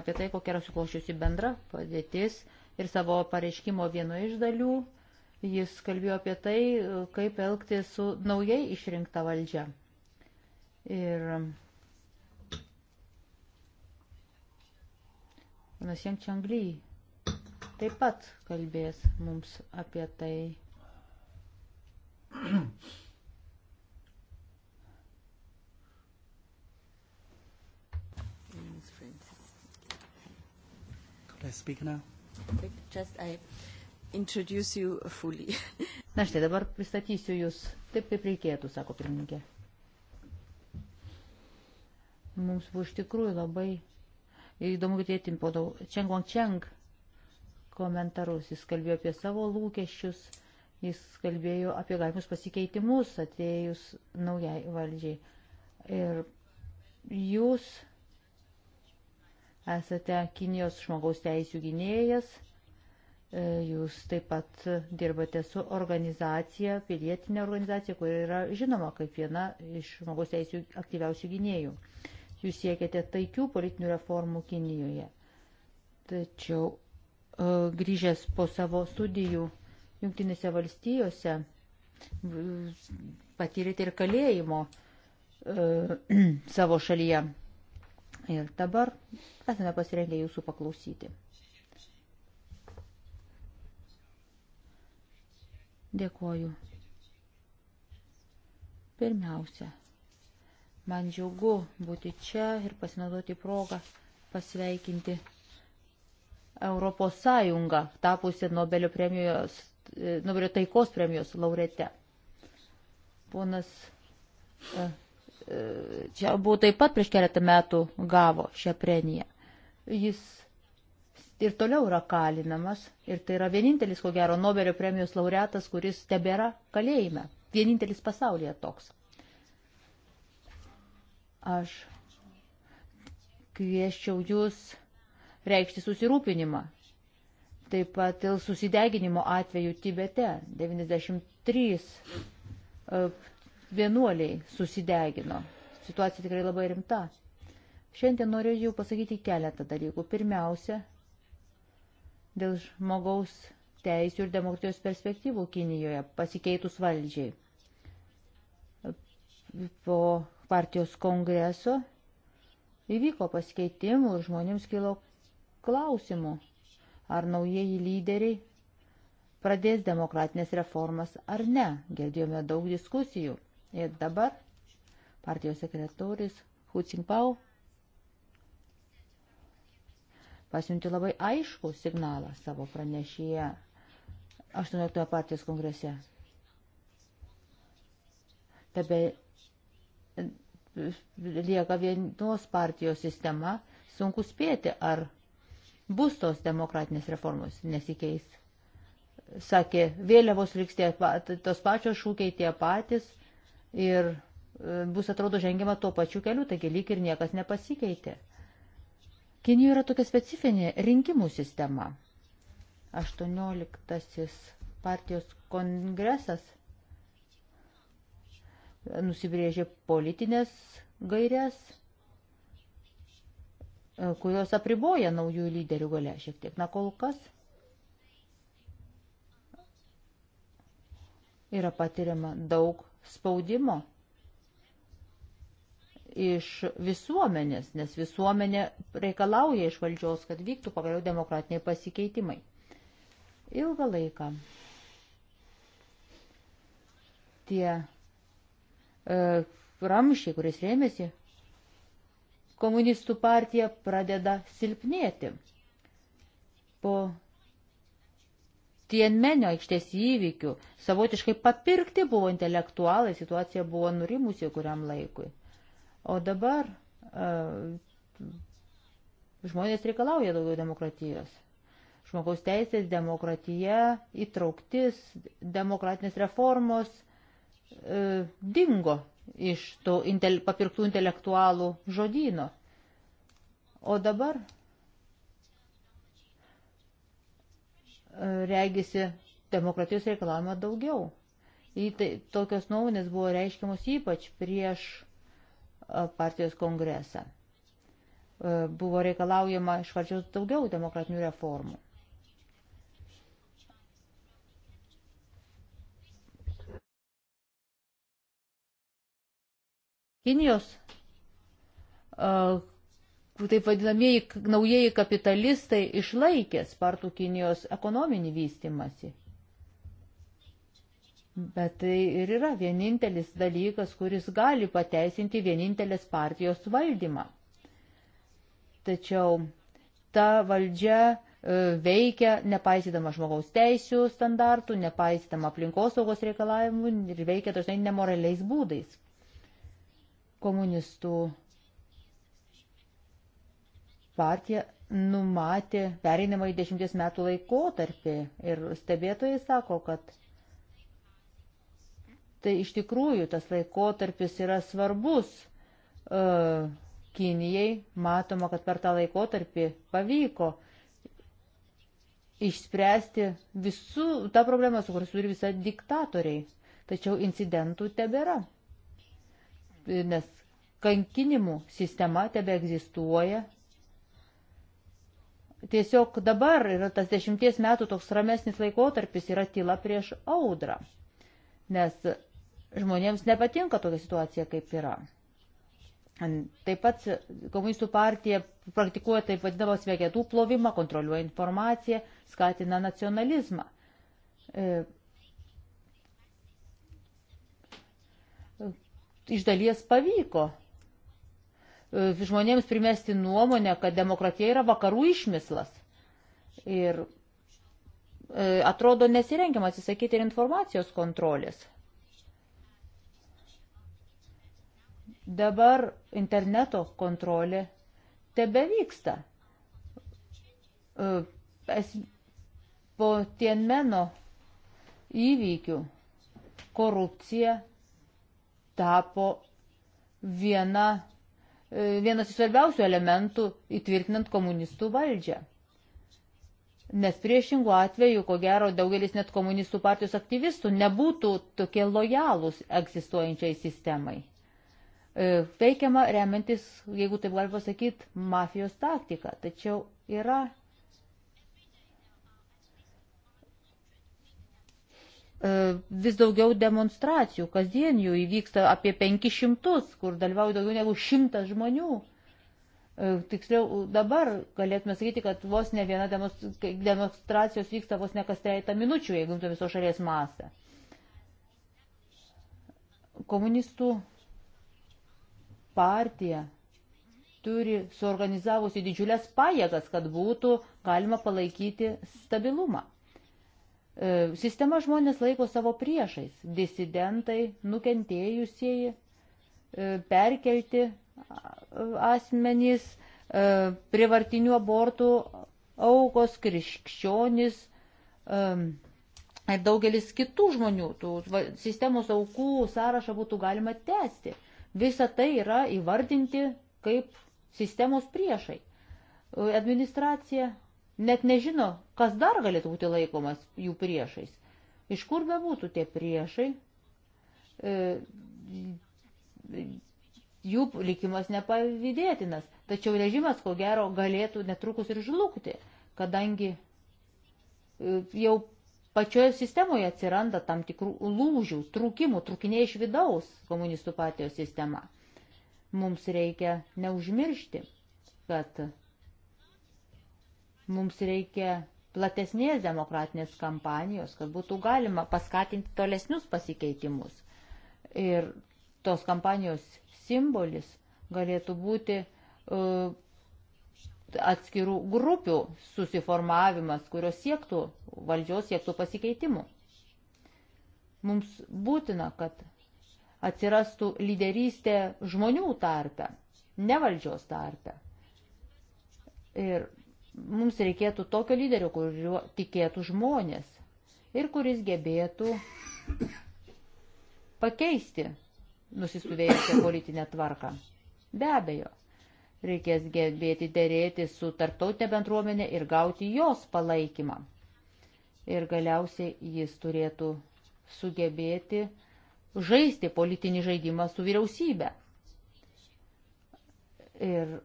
apie tai, kokia yra suklošiusi bendra padėtis ir savo pareiškimo vienoje iš dalių jis kalbėjo apie tai, kaip elgti su naujai išrinkta valdžia. Ir Panas Jankčiangly taip pat kalbės mums apie tai. Could I speak now? Just I introduce you fully. Na štai dabar pristatysiu jūs taip, kaip reikėtų, sako pirmininkė. Mums buvo iš tikrųjų labai įdomu girdėti po daug Čeng Wang Čeng komentarus. Jis kalbėjo apie savo lūkesčius, jis kalbėjo apie galimus pasikeitimus atėjus naujai valdžiai. Ir jūs esate Kinijos žmogaus teisų gynėjas, e, jūs taip pat dirbate su organizacija, pilietinė organizacija, kuri yra žinoma kaip viena iš žmogaus teisų aktyviausių gynėjų. Jūs siekiate taikių politinių reformų Kinijoje. Tačiau e, grįžęs po savo studijų Junktinėse valstijose patyrėte ir kalėjimo e, savo šalyje Ir dabar esame pasirengę jūsų paklausyti. Dėkuoju. Pirmiausia, man džiugu būti čia ir pasinaudoti progą pasveikinti Europos Sąjungą, tapusi Nobelio, premijos, Nobelio taikos premijos laurete. Ponas e, čia buvo taip pat prieš keletą metų gavo šią premiją. Jis ir toliau yra kalinamas ir tai yra vienintelis, ko gero, Nobelio premijos laureatas, kuris tebėra kalėjime. Vienintelis pasaulyje toks. Aš kvieščiau jūs reikšti susirūpinimą. Taip pat dėl susideginimo atveju Tibete 93 vienuoliai susidegino. Situacija tikrai labai rimta. Šiandien norėjau pasakyti keletą dalykų. Pirmiausia, dėl žmogaus teisų ir demokratijos perspektyvų Kinijoje pasikeitus valdžiai. Po partijos kongreso įvyko pasikeitimų ir žmonėms kilo klausimų, ar naujieji lyderiai pradės demokratinės reformas ar ne. Girdėjome daug diskusijų Ir dabar partijos sekretorius Hu Cingpao pasiunti labai aišku signalą savo pranešyje 18 partijos kongrese. Tebe e, lieka vienos partijos sistema, sunku spėti, ar bus tos demokratinės reformos nesikeis. Sakė, vėliavos liks tie, tos pačios šūkiai tie patys, ir e, bus atrodo žengiama tuo pačiu keliu, taigi lyg ir niekas nepasikeitė. Kinijoje yra tokia specifinė rinkimų sistema. 18 partijos kongresas nusibrėžė politinės gairias, e, kurios apriboja naujų lyderių galę šiek tiek. Na kol kas yra patiriama daug spaudimo iš visuomenės, nes visuomenė reikalauja iš valdžios, kad vyktų pagaliau demokratiniai pasikeitimai. Ilgą laiką tie e, ramšiai, kuris rėmėsi, komunistų partija pradeda silpnėti. Po Tienmenio aikštės įvykių savotiškai papirkti buvo intelektualai, situacija buvo nurimusi kuriam laikui. O dabar uh, žmonės reikalauja daugiau demokratijos. Žmogaus teisės, demokratija, įtrauktis, demokratinės reformos uh, dingo iš to intel, papirktų intelektualų žodyno. O dabar regisi demokratijos reikalavimo daugiau. Į tai, tokios nuomonės buvo reiškiamos ypač prieš partijos kongresą. Buvo reikalaujama iš valdžios daugiau demokratinių reformų. Kinijos taip vadinamieji naujieji kapitalistai išlaikė spartų Kinijos ekonominį vystimasi. Bet tai ir yra vienintelis dalykas, kuris gali pateisinti vienintelės partijos valdymą. Tačiau ta valdžia e, veikia nepaisydama žmogaus teisų standartų, nepaisydama aplinkosaugos reikalavimų ir veikia dažnai nemoraliais būdais. Komunistų partija numatė pereinamą į dešimties metų laikotarpį ir stebėtojai sako, kad tai iš tikrųjų tas laikotarpis yra svarbus e, Kinijai. Matoma, kad per tą laikotarpį pavyko išspręsti visų tą problemą, su kuria turi visa diktatoriai. Tačiau incidentų tebėra, nes kankinimų sistema tebe egzistuoja tiesiog dabar yra tas dešimties metų toks ramesnis laikotarpis, yra tyla prieš audrą, nes žmonėms nepatinka tokia situacija, kaip yra. Taip pat komunistų partija praktikuoja taip vadinamą sveiketų plovimą, kontroliuoja informaciją, skatina nacionalizmą. E, iš dalies pavyko E, žmonėms primesti nuomonę, kad demokratija yra vakarų išmislas. Ir e, atrodo nesirengiam atsisakyti ir informacijos kontrolės. Dabar interneto kontrolė tebe vyksta. E, es, po tienmeno įvykių korupcija tapo viena E, vienas iš svarbiausių elementų įtvirtinant komunistų valdžią. Nes priešingų atveju, ko gero, daugelis net komunistų partijos aktyvistų nebūtų tokie lojalūs egzistuojančiai sistemai. E, veikiama remiantis, jeigu taip galima sakyti, mafijos taktika. Tačiau yra E, vis daugiau demonstracijų, kasdien jų įvyksta apie 500, kur dalyvauja daugiau negu 100 žmonių. E, tiksliau, dabar galėtume sakyti, kad vos ne viena demonstracijos vyksta vos ne kas trejata minučių, jeigu imtų viso šalies masę. Komunistų partija turi suorganizavusi didžiulės pajėgas, kad būtų galima palaikyti stabilumą. E, sistema žmonės laiko savo priešais, disidentai, nukentėjusieji, e, perkelti asmenys, e, privartinių abortų aukos, krikščionis ir daugelis kitų žmonių. Tų sistemos aukų sąrašą būtų galima tęsti. Visa tai yra įvardinti kaip sistemos priešai. Administracija net nežino, kas dar galėtų būti laikomas jų priešais. Iš kur be būtų tie priešai, e, jų likimas nepavydėtinas, tačiau režimas, ko gero, galėtų netrukus ir žlugti, kadangi e, jau pačioje sistemoje atsiranda tam tikrų lūžių, trūkimų, trūkiniai iš vidaus komunistų partijos sistema. Mums reikia neužmiršti, kad Mums reikia platesnės demokratinės kampanijos, kad būtų galima paskatinti tolesnius pasikeitimus. Ir tos kampanijos simbolis galėtų būti uh, atskirų grupių susiformavimas, kurios siektų valdžios, siektų pasikeitimų. Mums būtina, kad atsirastų lyderystė žmonių tarpe, ne valdžios tarpe. Ir Mums reikėtų tokio lyderio, kuriuo tikėtų žmonės ir kuris gebėtų pakeisti nusistuvėjusią politinę tvarką. Be abejo, reikės gebėti dėrėti su tarptautinė bendruomenė ir gauti jos palaikymą. Ir galiausiai jis turėtų sugebėti žaisti politinį žaidimą su vyriausybė. Ir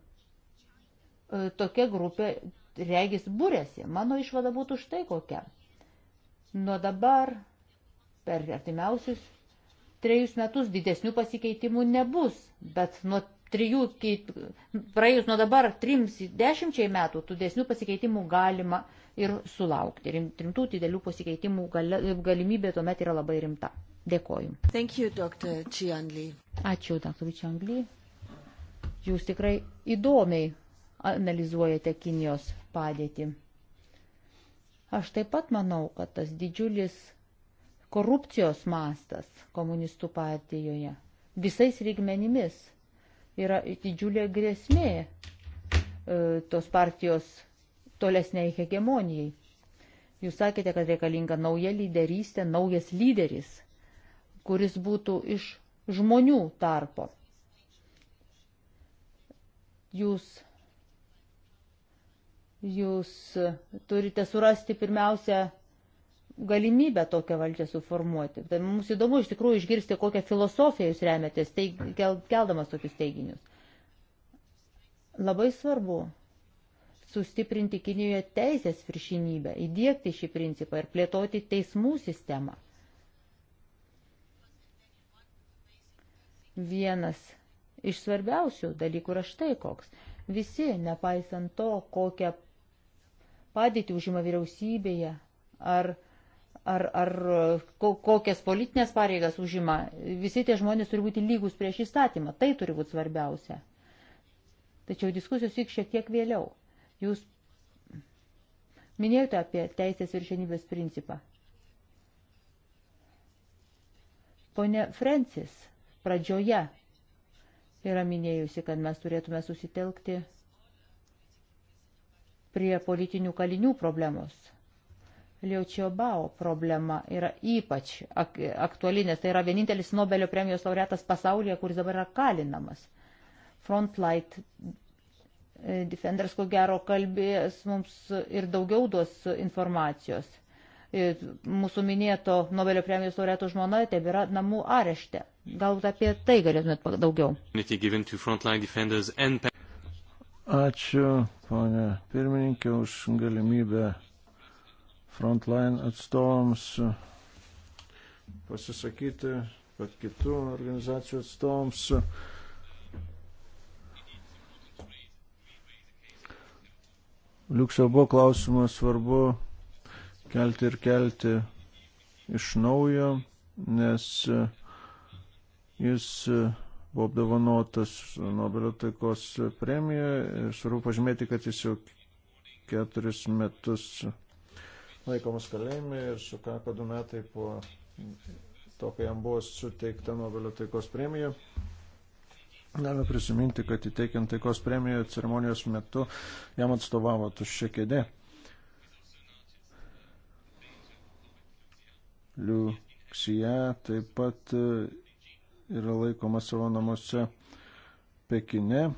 E, tokia grupė regis būrėsi. Mano išvada būtų štai kokia. Nuo dabar per artimiausius trejus metus didesnių pasikeitimų nebus, bet nuo trijų, praėjus nuo dabar trims dešimčiai metų, tų didesnių pasikeitimų galima ir sulaukti. Rimtų didelių pasikeitimų galimybė tuomet yra labai rimta. Dėkoju. Thank you, Dr. Chiangli. Ačiū, dr. Chiangli. Jūs tikrai įdomiai analizuojate Kinijos padėtį. Aš taip pat manau, kad tas didžiulis korupcijos mastas komunistų partijoje visais reikmenimis yra didžiulė grėsmė e, tos partijos tolesniai hegemonijai. Jūs sakėte, kad reikalinga nauja lyderystė, naujas lyderis, kuris būtų iš žmonių tarpo. Jūs Jūs turite surasti pirmiausia galimybę tokią valdžią suformuoti. Tai mums įdomu iš tikrųjų išgirsti, kokią filosofiją jūs remiatės, teig, kel, keldamas tokius teiginius. Labai svarbu sustiprinti Kinijoje teisės viršinybę, įdėkti šį principą ir plėtoti teismų sistemą. Vienas iš svarbiausių dalykų yra štai koks. Visi, nepaisant to, kokią padėtį užima vyriausybėje, ar, ar, ar ko, kokias politinės pareigas užima. Visi tie žmonės turi būti lygus prieš įstatymą. Tai turi būti svarbiausia. Tačiau diskusijos vyks šiek tiek vėliau. Jūs minėjote apie teisės ir šiandienybės principą. Pone Francis pradžioje yra minėjusi, kad mes turėtume susitelkti prie politinių kalinių problemos. Liučio Bao problema yra ypač ak aktuali, nes tai yra vienintelis Nobelio premijos laureatas pasaulyje, kuris dabar yra kalinamas. Frontlight e, Defenders, ko gero, kalbės mums ir daugiau duos informacijos. E, mūsų minėto Nobelio premijos laureato žmona taip yra namų arešte. Galbūt apie tai galėtumėt daugiau. Ačiū, ponė pirmininkė, už galimybę frontline atstovams pasisakyti, pat kitų organizacijų atstovams. Liuksio buvo klausimas svarbu kelti ir kelti iš naujo, nes jis buvo apdovanotas Nobelio taikos premija ir svarbu pažymėti, kad jis jau keturis metus laikomas kalėjime ir sukako du metai po to, kai jam buvo suteikta Nobelio taikos premija. Galime prisiminti, kad įteikiant taikos premiją ceremonijos metu jam atstovavo tuščia kėdė. Liuksija taip pat yra laikoma savo namuose Pekine,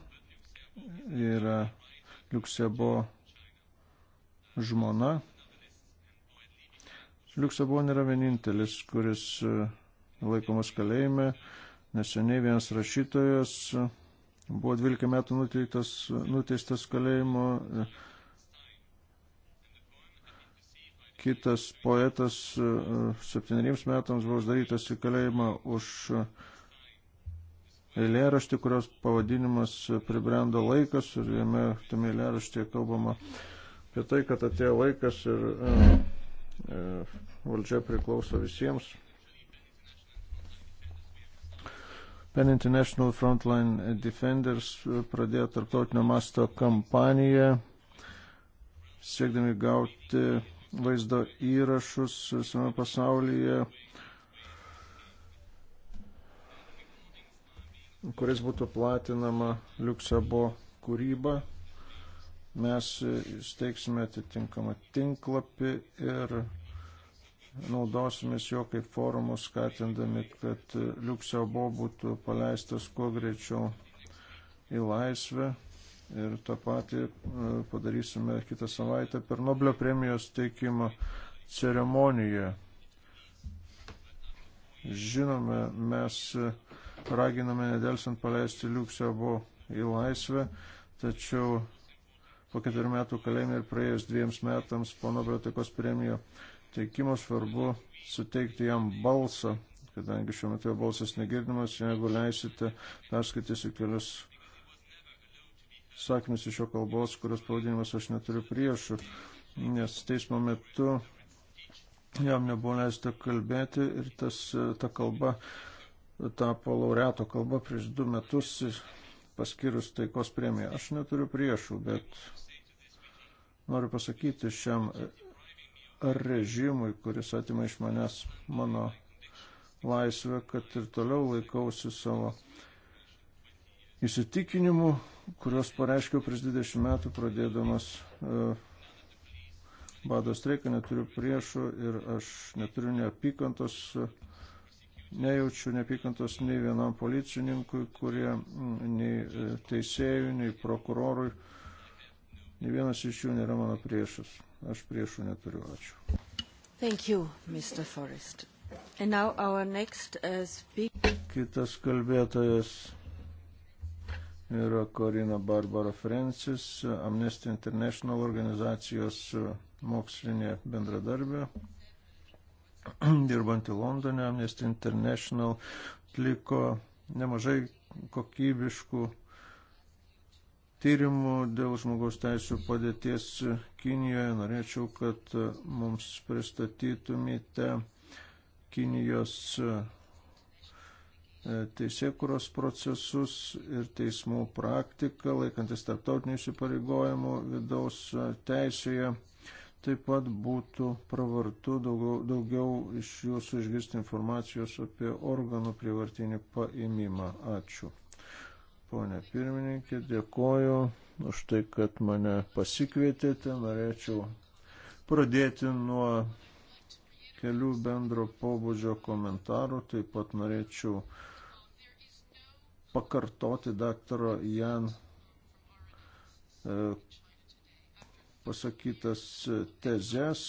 yra Liuksebo žmona. Liuksebo nėra vienintelis, kuris e, laikomas kalėjime. Neseniai vienas rašytojas e, buvo 12 metų nuteiktas, e, nuteistas kalėjimo. Kitas poetas septyneriems metams buvo uždarytas į kalėjimą už eilėraštį, kurios pavadinimas pribrendo laikas ir jame tame eilėraštyje kalbama apie tai, kad atėjo laikas ir e, e, valdžia priklauso visiems. Pen International Frontline Defenders pradėjo tarptautinio masto kampaniją, siekdami gauti vaizdo įrašus visame pasaulyje kuris būtų platinama Liuksebo kūryba. Mes steigsime atitinkamą tinklapį ir naudosimės jo kaip forumu skatindami, kad Liuksebo būtų paleistas kuo greičiau į laisvę. Ir tą patį e, padarysime kitą savaitę per Nobelio premijos teikimo ceremoniją. Žinome, mes raginame nedelsant paleisti Liuksio abu į laisvę, tačiau po keturių metų kalėjime ir praėjus dviems metams po Nobelio taikos premijo teikimo svarbu suteikti jam balsą, kadangi šiuo metu jo balsas negirdimas, jeigu leisite, perskaitysiu kelius sakinius iš jo kalbos, kurios pavadinimas aš neturiu priešų, nes teismo metu jam nebuvo leista kalbėti ir tas, ta kalba tapo laureato kalba prieš du metus paskirus taikos premiją. Aš neturiu priešų, bet noriu pasakyti šiam režimui, kuris atima iš manęs mano laisvę, kad ir toliau laikausi savo įsitikinimų, kuriuos pareiškiau prieš 20 metų pradėdamas e, bado streiką, neturiu priešų ir aš neturiu neapykantos. Uh, Nejaučiu nepykantos nei vienam policininkui, kurie mm, nei e, teisėjui, nei prokurorui, nei vienas iš jų nėra mano priešas. Aš priešų neturiu. Ačiū. Thank you, Mr. Forrest. And now our next uh, speaker. Kitas kalbėtojas yra Korina Barbara Francis, Amnesty International organizacijos e, mokslinė bendradarbė. dirbantį Londone, Amnesty International atliko nemažai kokybiškų tyrimų dėl žmogaus teisų padėties Kinijoje. Norėčiau, kad mums pristatytumėte Kinijos e, teisėkuros procesus ir teismų praktiką, laikantis tarptautinių įsipareigojimų vidaus teisėje Taip pat būtų pravartu daugiau, daugiau iš jūsų išgirsti informacijos apie organų privartinį paėmimą. Ačiū. Pone pirmininkė, dėkoju už tai, kad mane pasikvietėte. Norėčiau pradėti nuo kelių bendro pobūdžio komentarų. Taip pat norėčiau pakartoti daktaro Jan e, pasakytas tezes.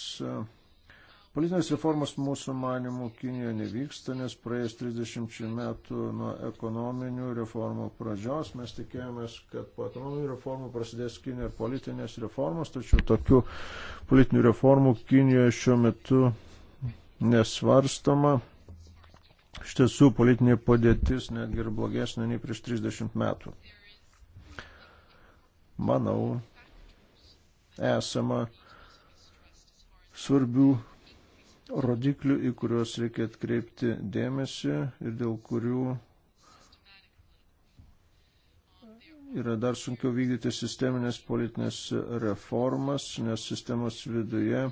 Politinės reformos mūsų manimų Kinijoje nevyksta, nes praėjus 30 metų nuo ekonominių reformų pradžios mes tikėjomės, kad po ekonominių reformų prasidės Kinijoje politinės reformos, tačiau tokių politinių reformų Kinijoje šiuo metu nesvarstama. Iš tiesų politinė padėtis netgi ir blogesnė nei prieš 30 metų. Manau, esama svarbių rodiklių, į kuriuos reikia atkreipti dėmesį ir dėl kurių yra dar sunkiau vykdyti sisteminės politinės reformas, nes sistemos viduje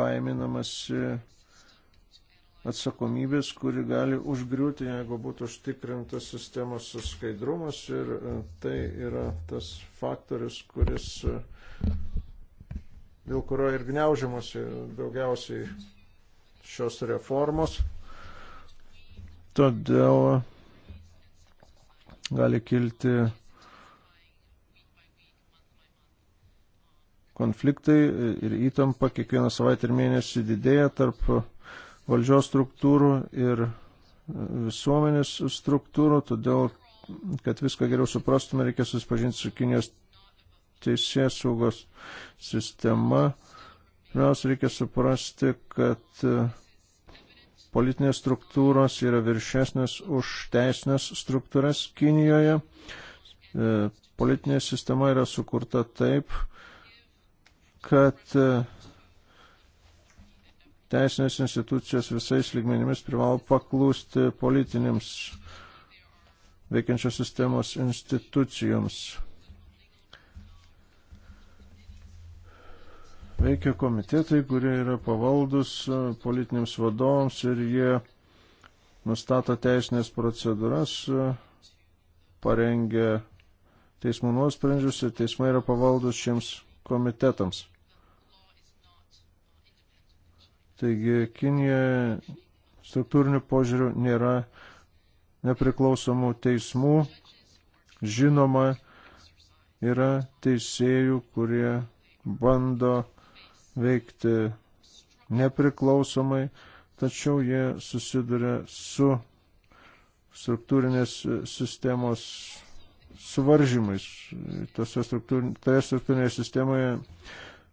baiminamasi atsakomybės, kuri gali užgriūti, jeigu būtų užtikrintas sistemos skaidrumas ir e, tai yra tas faktorius, kuris e, dėl kurio ir gniaužiamasi daugiausiai šios reformos. Todėl gali kilti konfliktai ir įtampa kiekvieną savaitę ir mėnesį didėja tarp valdžios struktūrų ir visuomenės struktūrų, todėl, kad viską geriau suprastume, reikia susipažinti su Kinijos teisės saugos sistema. Pirmiausia, reikia suprasti, kad e, politinės struktūros yra viršesnės už teisinės struktūras Kinijoje. E, politinė sistema yra sukurta taip, kad e, teisinės institucijos visais lygmenimis privalo paklūsti politinėms veikiančios sistemos institucijoms. Veikia komitetai, kurie yra pavaldus e, politiniams vadovams ir jie nustato teisinės procedūras, e, parengia teismų nuosprendžius ir teismai yra pavaldus šiems komitetams. Taigi Kinija struktūrinių požiūrių nėra nepriklausomų teismų, žinoma, yra teisėjų, kurie bando veikti nepriklausomai, tačiau jie susiduria su struktūrinės sistemos suvaržymais. Tose struktūrinėje sistemoje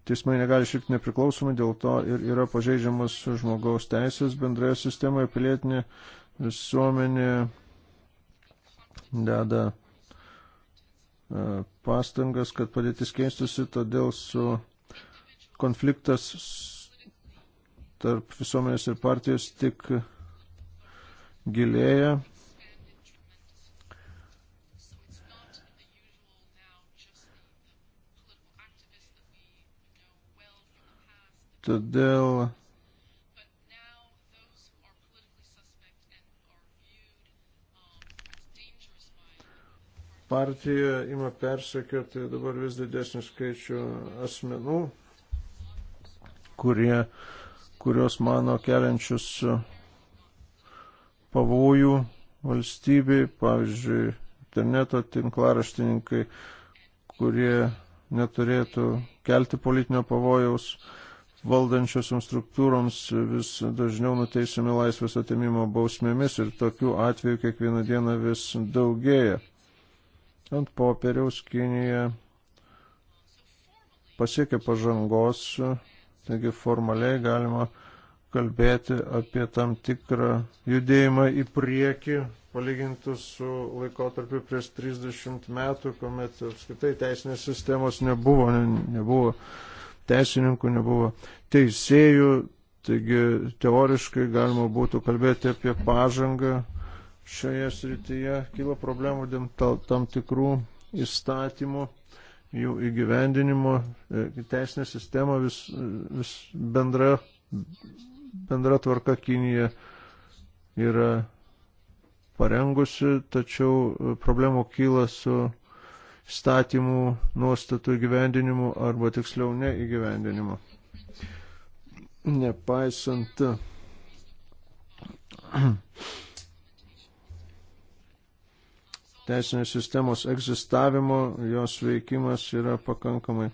teismai negali išlikti nepriklausomi, dėl to ir yra pažeidžiamas žmogaus teisės bendroje sistemoje, pilietinė visuomenė deda e, pastangas, kad padėtis keistusi, todėl su konfliktas tarp visuomenės ir partijos tik gilėja Todėl partija ima persekioti dabar vis didesnį skaičių asmenų, kurie, kurios mano keliančius pavojų valstybei, pavyzdžiui, interneto tinklaraštininkai, kurie neturėtų kelti politinio pavojaus valdančiosioms struktūroms vis dažniau nuteisiami laisvės atimimo bausmėmis ir tokių atvejų kiekvieną dieną vis daugėja. Ant popieriaus Kinija pasiekė pažangos, taigi formaliai galima kalbėti apie tam tikrą judėjimą į priekį, palyginti su laikotarpiu prieš 30 metų, kuomet apskritai teisinės sistemos nebuvo, ne, nebuvo teisininkų, nebuvo teisėjų, taigi teoriškai galima būtų kalbėti apie pažangą šioje srityje. Kilo problemų dėl tam tikrų įstatymų, jų įgyvendinimo, e, teisinė sistema vis, vis bendra, bendra tvarka Kinija yra parengusi, tačiau problemų kyla su statymų nuostatų įgyvendinimu arba tiksliau neįgyvendinimu. Nepaisant teisinės sistemos egzistavimo, jos veikimas yra pakankamai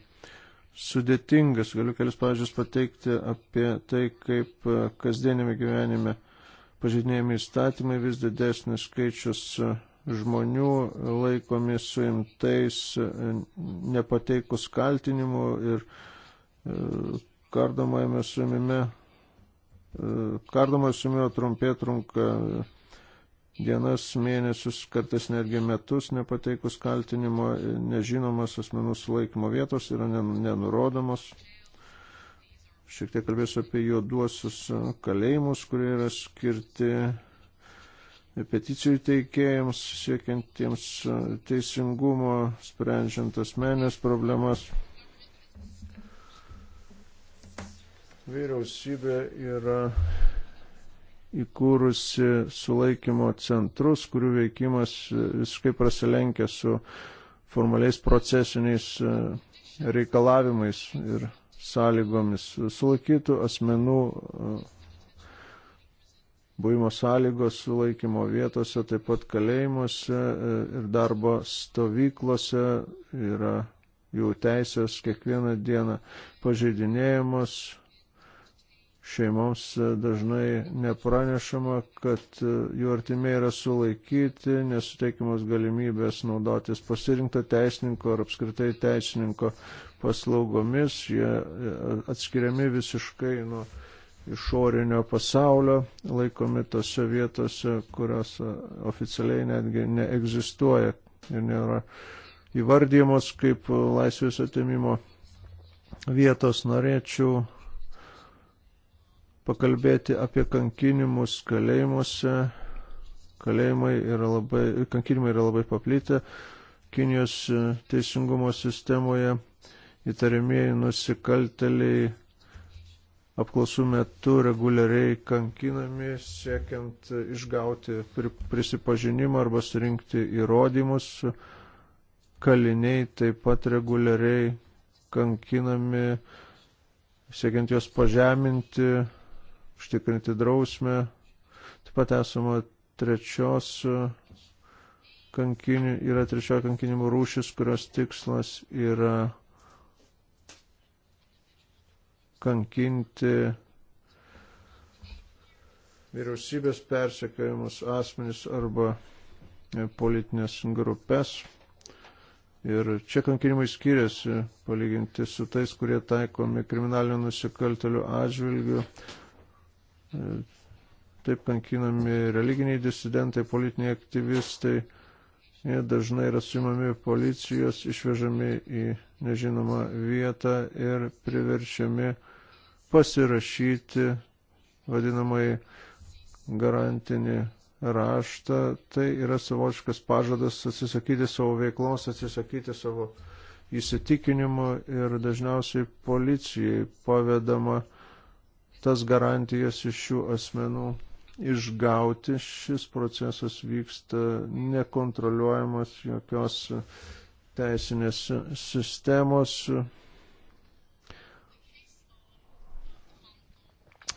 sudėtingas. Galiu kelias pavyzdžius pateikti apie tai, kaip kasdienėme gyvenime pažydinėjami įstatymai vis didesnis skaičius žmonių laikomi suimtais, nepateikus kaltinimu ir e, kardomajame suimime, e, kardomojo suimimo trumpė trunka dienas, mėnesius, kartais netgi metus nepateikus kaltinimo, nežinomas asmenų sulaikymo vietos yra nenurodomos. Šiek tiek kalbėsiu apie juoduosius kalėjimus, kurie yra skirti peticijų teikėjams, siekiantiems e, teisingumo, sprendžiant asmenės problemas. Vyriausybė yra įkūrusi sulaikymo centrus, kurių veikimas e, visiškai prasilenkia su formaliais procesiniais e, reikalavimais ir sąlygomis. Sulaikytų asmenų buvimo sąlygos sulaikymo vietose, taip pat kalėjimuose e, ir darbo stovyklose yra jų teisės kiekvieną dieną pažeidinėjamos. Šeimoms e, dažnai nepranešama, kad e, jų artimiai yra sulaikyti, nesuteikiamos galimybės naudotis pasirinkto teisininko ar apskritai teisininko paslaugomis, jie atskiriami visiškai nuo išorinio pasaulio, laikomi tose vietose, kurios e, oficialiai netgi neegzistuoja ir nėra įvardyjamos kaip laisvės atimimo vietos. Norėčiau pakalbėti apie kankinimus kalėjimuose. Kalėjimai yra labai, kankinimai yra labai paplitę Kinijos e, teisingumo sistemoje. Įtariamieji nusikalteliai apklausų metu reguliariai kankinami, siekiant išgauti prisipažinimą arba surinkti įrodymus. Kaliniai taip pat reguliariai kankinami, siekiant juos pažeminti, užtikrinti drausmę. Taip pat esama trečios kankinių, yra trečioji kankinimų rūšis, kurios tikslas yra kankinti vyriausybės persekiojimus asmenys arba e, politinės grupės. Ir čia kankinimai skiriasi palyginti su tais, kurie taikomi kriminalinių nusikaltelių atžvilgių. E, taip kankinami religiniai disidentai, politiniai aktyvistai. Jie dažnai yra suimami policijos, išvežami į nežinomą vietą ir priverčiami uh, pasirašyti vadinamai garantinį raštą. Tai yra savotiškas pažadas atsisakyti savo veiklos, atsisakyti savo įsitikinimų ir dažniausiai policijai pavedama tas garantijas iš šių asmenų išgauti. Šis procesas vyksta nekontroliuojamas jokios teisinės sistemos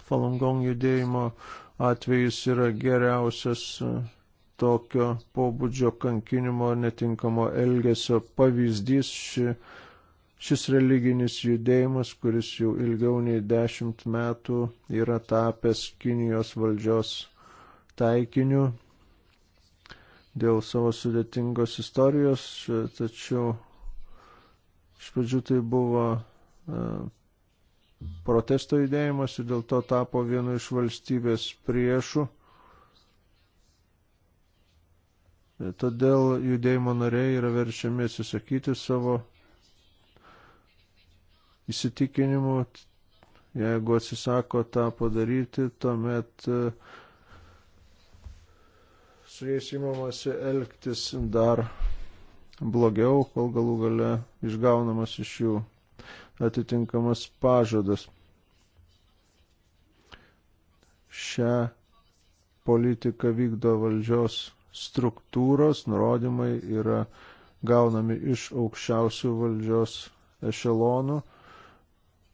Falungong judėjimo atvejis yra geriausias e, tokio pobūdžio kankinimo netinkamo elgesio pavyzdys. Ši, šis religinis judėjimas, kuris jau ilgiau nei dešimt metų yra tapęs Kinijos valdžios taikiniu dėl savo sudėtingos istorijos, tačiau iš pradžių tai buvo e, protesto judėjimas ir dėl to tapo vienu iš valstybės priešų. E, todėl judėjimo nariai yra verčiami atsisakyti savo įsitikinimu. Jeigu atsisako tą padaryti, tuomet e, su jais įmamasi elgtis dar blogiau, kol galų gale išgaunamas iš jų atitinkamas pažadas. Šią politiką vykdo valdžios struktūros, nurodymai yra gaunami iš aukščiausių valdžios ešelonų,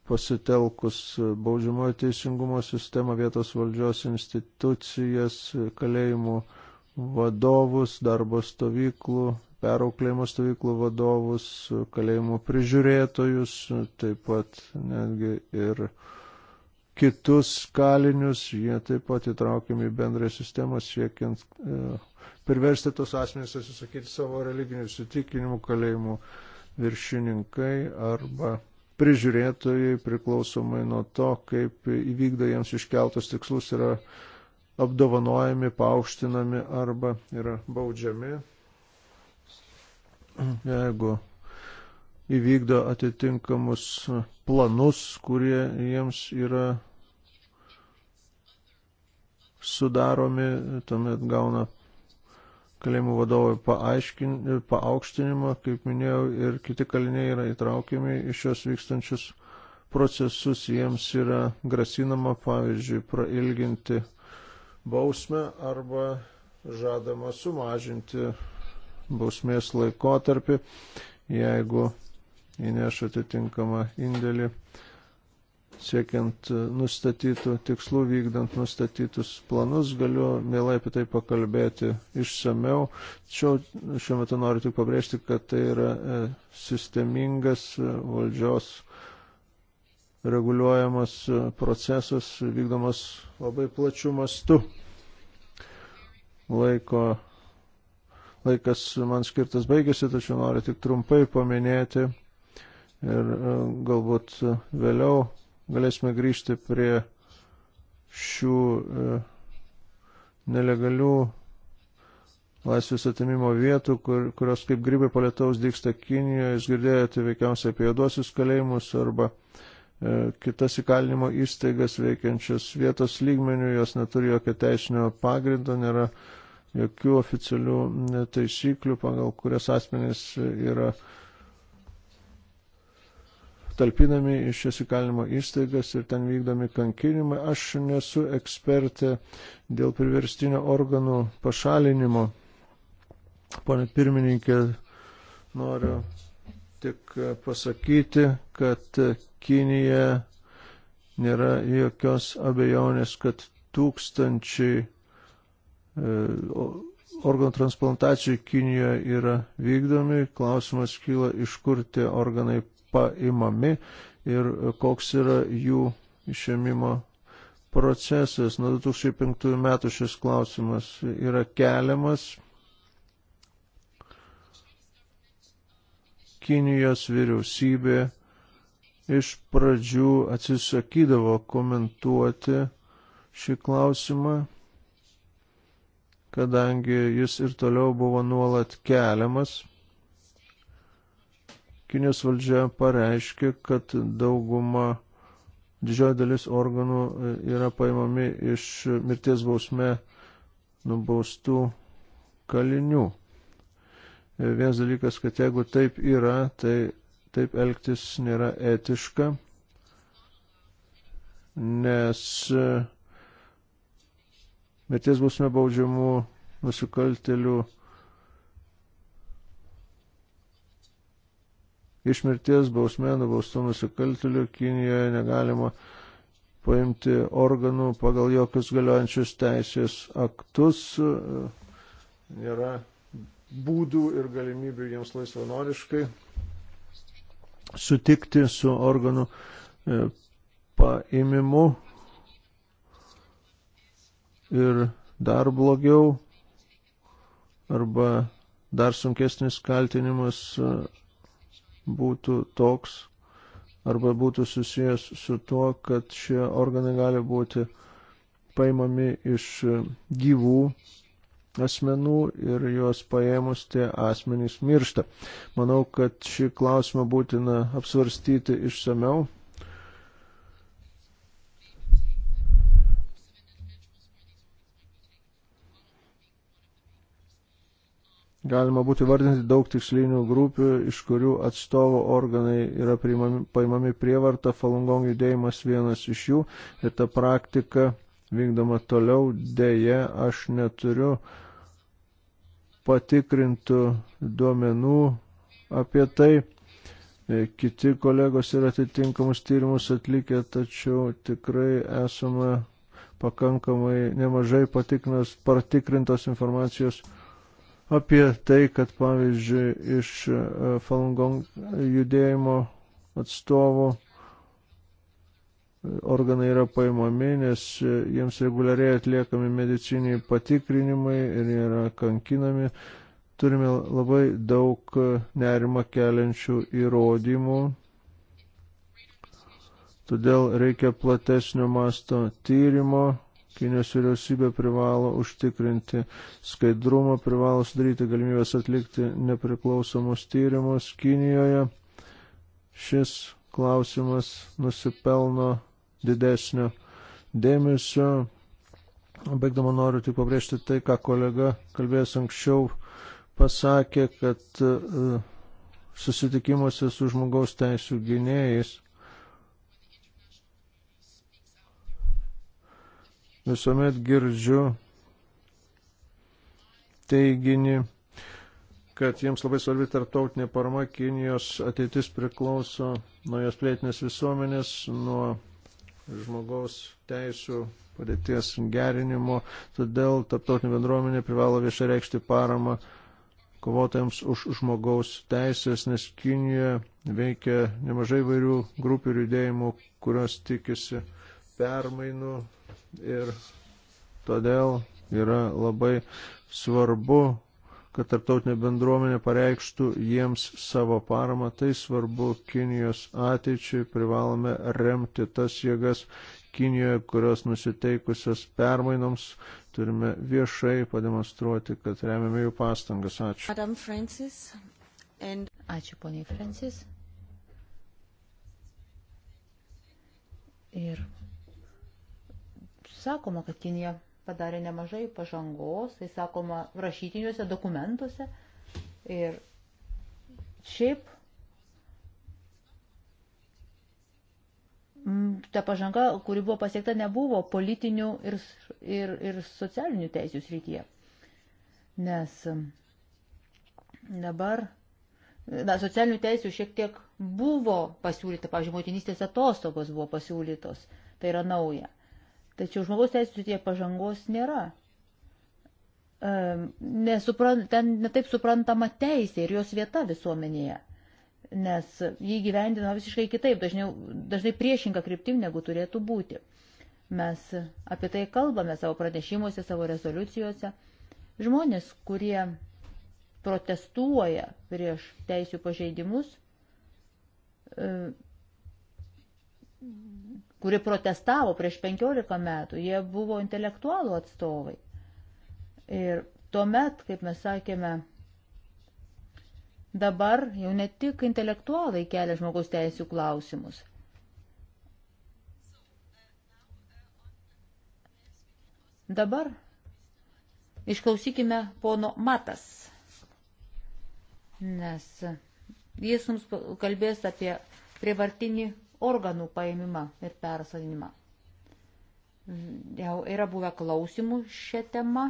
pasitelkus baudžiamojo teisingumo sistemą, vietos valdžios institucijas, kalėjimų vadovus, darbo stovyklų perauklėjimo stovyklų vadovus, kalėjimų prižiūrėtojus, taip pat netgi ir kitus kalinius, jie taip pat įtraukiami į bendrąją sistemą, siekiant e, perversti tos asmenys atsisakyti savo religinių įsitikinimų kalėjimų viršininkai arba prižiūrėtojai priklausomai nuo to, kaip įvykdo jiems iškeltus tikslus yra apdovanojami, paaukštinami arba yra baudžiami jeigu įvykdo atitinkamus planus, kurie jiems yra sudaromi, tuomet gauna kalėjimų vadovai paaukštinimą, kaip minėjau, ir kiti kaliniai yra įtraukiami iš šios vykstančius procesus, jiems yra grasinama, pavyzdžiui, prailginti bausmę arba žadama sumažinti bausmės laikotarpį, jeigu įneš atitinkamą indėlį siekiant nustatytų tikslų, vykdant nustatytus planus, galiu mielai apie tai pakalbėti išsameu. Čia šiuo metu noriu tik pabrėžti, kad tai yra e, sistemingas e, valdžios reguliuojamas e, procesas, vykdomas labai plačiu mastu. Laiko Laikas man skirtas baigėsi, tačiau noriu tik trumpai paminėti ir e, galbūt vėliau galėsime grįžti prie šių e, nelegalių laisvės atimimo vietų, kur, kurios kaip grybai palietaus dyksta Kinijoje, jūs girdėjote veikiausiai apie juodosius kalėjimus arba e, kitas įkalinimo įstaigas veikiančias vietos lygmenių, jos neturi jokio teisinio pagrindo, nėra jokių oficialių taisyklių, pagal kurias asmenys yra talpinami iš šias įkalinimo įstaigas ir ten vykdomi kankinimai. Aš nesu ekspertė dėl priverstinio organų pašalinimo. Pone pirmininkė, noriu tik pasakyti, kad Kinija nėra jokios abejonės, kad tūkstančiai E, organų transplantacijų Kinijoje yra vykdomi. Klausimas kyla, iš kur tie organai paimami ir koks yra jų išėmimo procesas. Nuo 2005 metų šis klausimas yra keliamas. Kinijos vyriausybė iš pradžių atsisakydavo komentuoti šį klausimą kadangi jis ir toliau buvo nuolat keliamas. Kinijos valdžia pareiškė, kad dauguma didžioji dalis organų e, yra paimami iš mirties bausme nubaustų kalinių. E, vienas dalykas, kad jeigu taip yra, tai taip elgtis nėra etiška, nes uh, mirties bausmė baudžiamų nusikaltelių iš mirties bausmė nubaustų nusikaltelių Kinijoje negalima paimti organų pagal jokius galiojančius teisės aktus. Nėra būdų ir galimybių jiems laisvanoriškai sutikti su organų e, paimimu ir dar blogiau arba dar sunkesnis kaltinimas e, būtų toks arba būtų susijęs su tuo, kad šie organai gali būti paimami iš e, gyvų asmenų ir juos paėmus tie asmenys miršta. Manau, kad šį klausimą būtina apsvarstyti išsameu Galima būtų vardinti daug tikslinių grupių, iš kurių atstovų organai yra priimami, paimami prievarta, falungong judėjimas vienas iš jų ir ta praktika vykdoma toliau. Deja, aš neturiu patikrintų duomenų apie tai. E, kiti kolegos yra atitinkamus tyrimus atlikę, tačiau tikrai esame pakankamai nemažai patikrintos informacijos apie tai, kad pavyzdžiui iš e, Falun Gong judėjimo atstovų e, organai yra paimami, nes e, jiems reguliariai atliekami mediciniai patikrinimai ir yra kankinami. Turime labai daug nerima keliančių įrodymų, todėl reikia platesnio masto tyrimo Kinijos vyriausybė privalo užtikrinti skaidrumą, privalo sudaryti galimybės atlikti nepriklausomus tyrimus Kinijoje. Šis klausimas nusipelno didesnio dėmesio. Baigdama noriu tik pabrėžti tai, ką kolega kalbėjęs anksčiau pasakė, kad e, susitikimuose su žmogaus teisų gynėjais visuomet girdžiu teiginį, kad jiems labai svarbi tarptautinė parama Kinijos ateitis priklauso nuo jos plėtinės visuomenės, nuo žmogaus teisų padėties gerinimo, todėl tarptautinė bendruomenė privalo viešai reikšti paramą kovotojams už žmogaus teisės, nes Kinijoje veikia nemažai vairių grupių ir judėjimų, kurios tikisi permainų Ir todėl yra labai svarbu, kad tarptautinė bendruomenė pareikštų jiems savo paramą. Tai svarbu Kinijos ateičiai, privalome remti tas jėgas Kinijoje, kurios nusiteikusios permainoms. Turime viešai pademonstruoti, kad remiame jų pastangas. Ačiū. And... Ačiū, poniai Francis. Ir sakoma, kad Kinija padarė nemažai pažangos, tai sakoma rašytiniuose dokumentuose. Ir šiaip ta pažanga, kuri buvo pasiekta, nebuvo politinių ir, ir, ir socialinių teisių srityje. Nes dabar na, socialinių teisių šiek tiek buvo pasiūlyta, pavyzdžiui, motinystės atostogos buvo pasiūlytos, tai yra nauja. Tačiau žmogaus teisų srityje pažangos nėra. E, nesupran, ten netaip suprantama teisė ir jos vieta visuomenėje, nes jį gyvendino visiškai kitaip, dažniau, dažnai priešinga kryptim, negu turėtų būti. Mes apie tai kalbame savo pranešimuose, savo rezoliucijose. Žmonės, kurie protestuoja prieš teisų pažeidimus, e, kuri protestavo prieš 15 metų, jie buvo intelektualų atstovai. Ir tuomet, kaip mes sakėme, dabar jau ne tik intelektualai kelia žmogaus teisų klausimus. Dabar išklausykime pono Matas, nes jis mums kalbės apie prievartinį organų paėmimą ir persodinimą. Jau yra buvę klausimų šią temą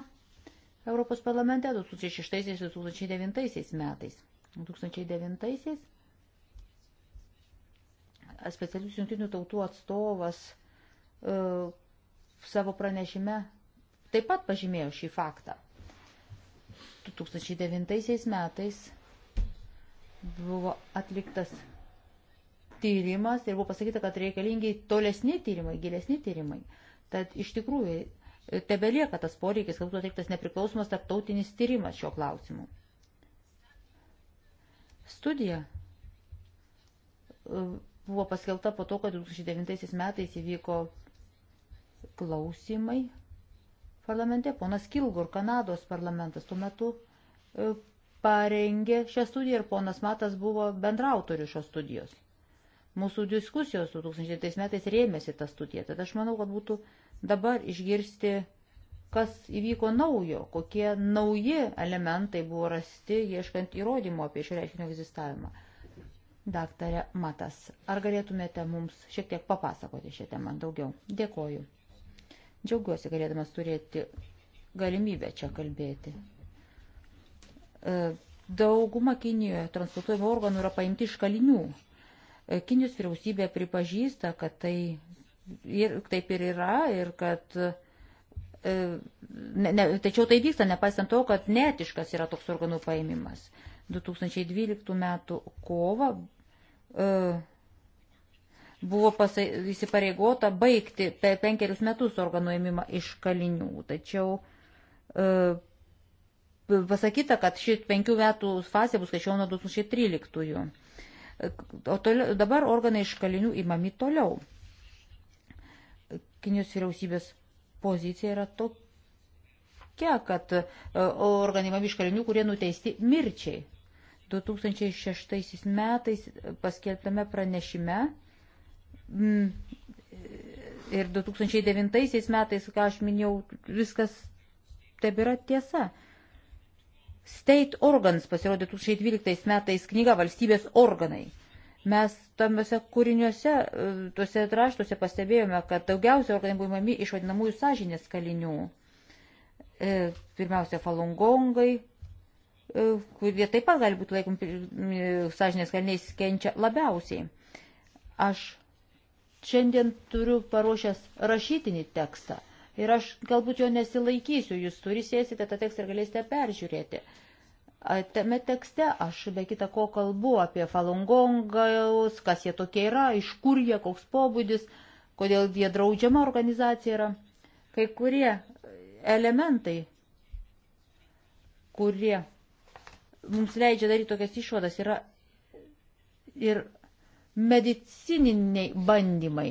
Europos parlamente 2006-2009 metais. 2009 specialius jungtinių tautų atstovas e, savo pranešime taip pat pažymėjo šį faktą. 2009 metais buvo atliktas tyrimas ir buvo pasakyta, kad reikalingi tolesni tyrimai, gilesni tyrimai. Tad iš tikrųjų e, tebelieka tas poreikis, kad būtų atliktas nepriklausomas tarptautinis tyrimas šio klausimu. Studija e, buvo paskelta po to, kad 2009 metais įvyko klausimai parlamente. Ponas Kilgur, Kanados parlamentas tuo metu e, parengė šią studiją ir ponas Matas buvo bendrautorių šios studijos. Mūsų diskusijos 2000 metais rėmėsi tą studiją, tad aš manau, kad būtų dabar išgirsti, kas įvyko naujo, kokie nauji elementai buvo rasti, ieškant įrodymų apie šio reiškinio egzistavimą. Daktarė Matas, ar galėtumėte mums šiek tiek papasakoti šią temą daugiau? Dėkoju. Džiaugiuosi galėdamas turėti galimybę čia kalbėti. E, dauguma Kinijoje transportuojimo organų yra paimti iš kalinių Kinijos vyriausybė pripažįsta, kad tai ir, taip ir yra ir kad e, ne, ne, tačiau tai vyksta nepaisant to, kad netiškas yra toks organų paėmimas. 2012 m. kova e, buvo pasai, įsipareigota baigti per penkerius metus organų ėmimą iš kalinių, tačiau e, pasakyta, kad ši penkių metų fazė bus skaičiuojama 2013. -ųjų. O toliau, dabar organai iš kalinių įmami toliau. Kinijos vyriausybės pozicija yra tokia, kad e, organai įmami iš kalinių, kurie nuteisti mirčiai. 2006 metais paskelbtame pranešime mm, ir 2009 metais, ką aš minėjau, viskas tebėra tiesa. State Organs pasirodė 2012 metais knyga Valstybės organai. Mes tamiuose kūriniuose, e, tuose raštuose pastebėjome, kad daugiausia organai buvo įmami iš vadinamųjų sąžinės kalinių. E, pirmiausia, falungongai, e, kurie taip pat gali būti laikomi sąžinės kaliniais, kenčia labiausiai. Aš šiandien turiu paruošęs rašytinį tekstą ir aš galbūt jo nesilaikysiu, jūs turisėsite tą tekstą ir galėsite peržiūrėti. Tame tekste aš be kita ko kalbu apie falungongaus, kas jie tokie yra, iš kur jie, koks pobūdis, kodėl jie draudžiama organizacija yra. Kai kurie elementai, kurie mums leidžia daryti tokias išvadas, yra ir medicininiai bandymai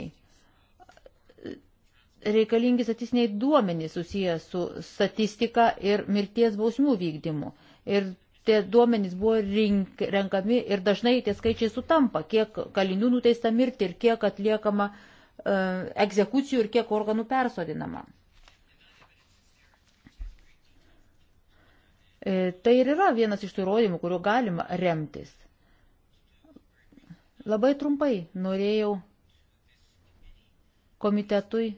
reikalingi statistiniai duomenys susijęs su statistika ir mirties bausmių vykdymu. Ir tie duomenys buvo rink, renkami ir dažnai tie skaičiai sutampa, kiek kalinių nuteista mirti ir kiek atliekama uh, egzekucijų ir kiek organų persodinama. E, tai ir yra vienas iš tų įrodymų, kuriuo galima remtis. Labai trumpai norėjau komitetui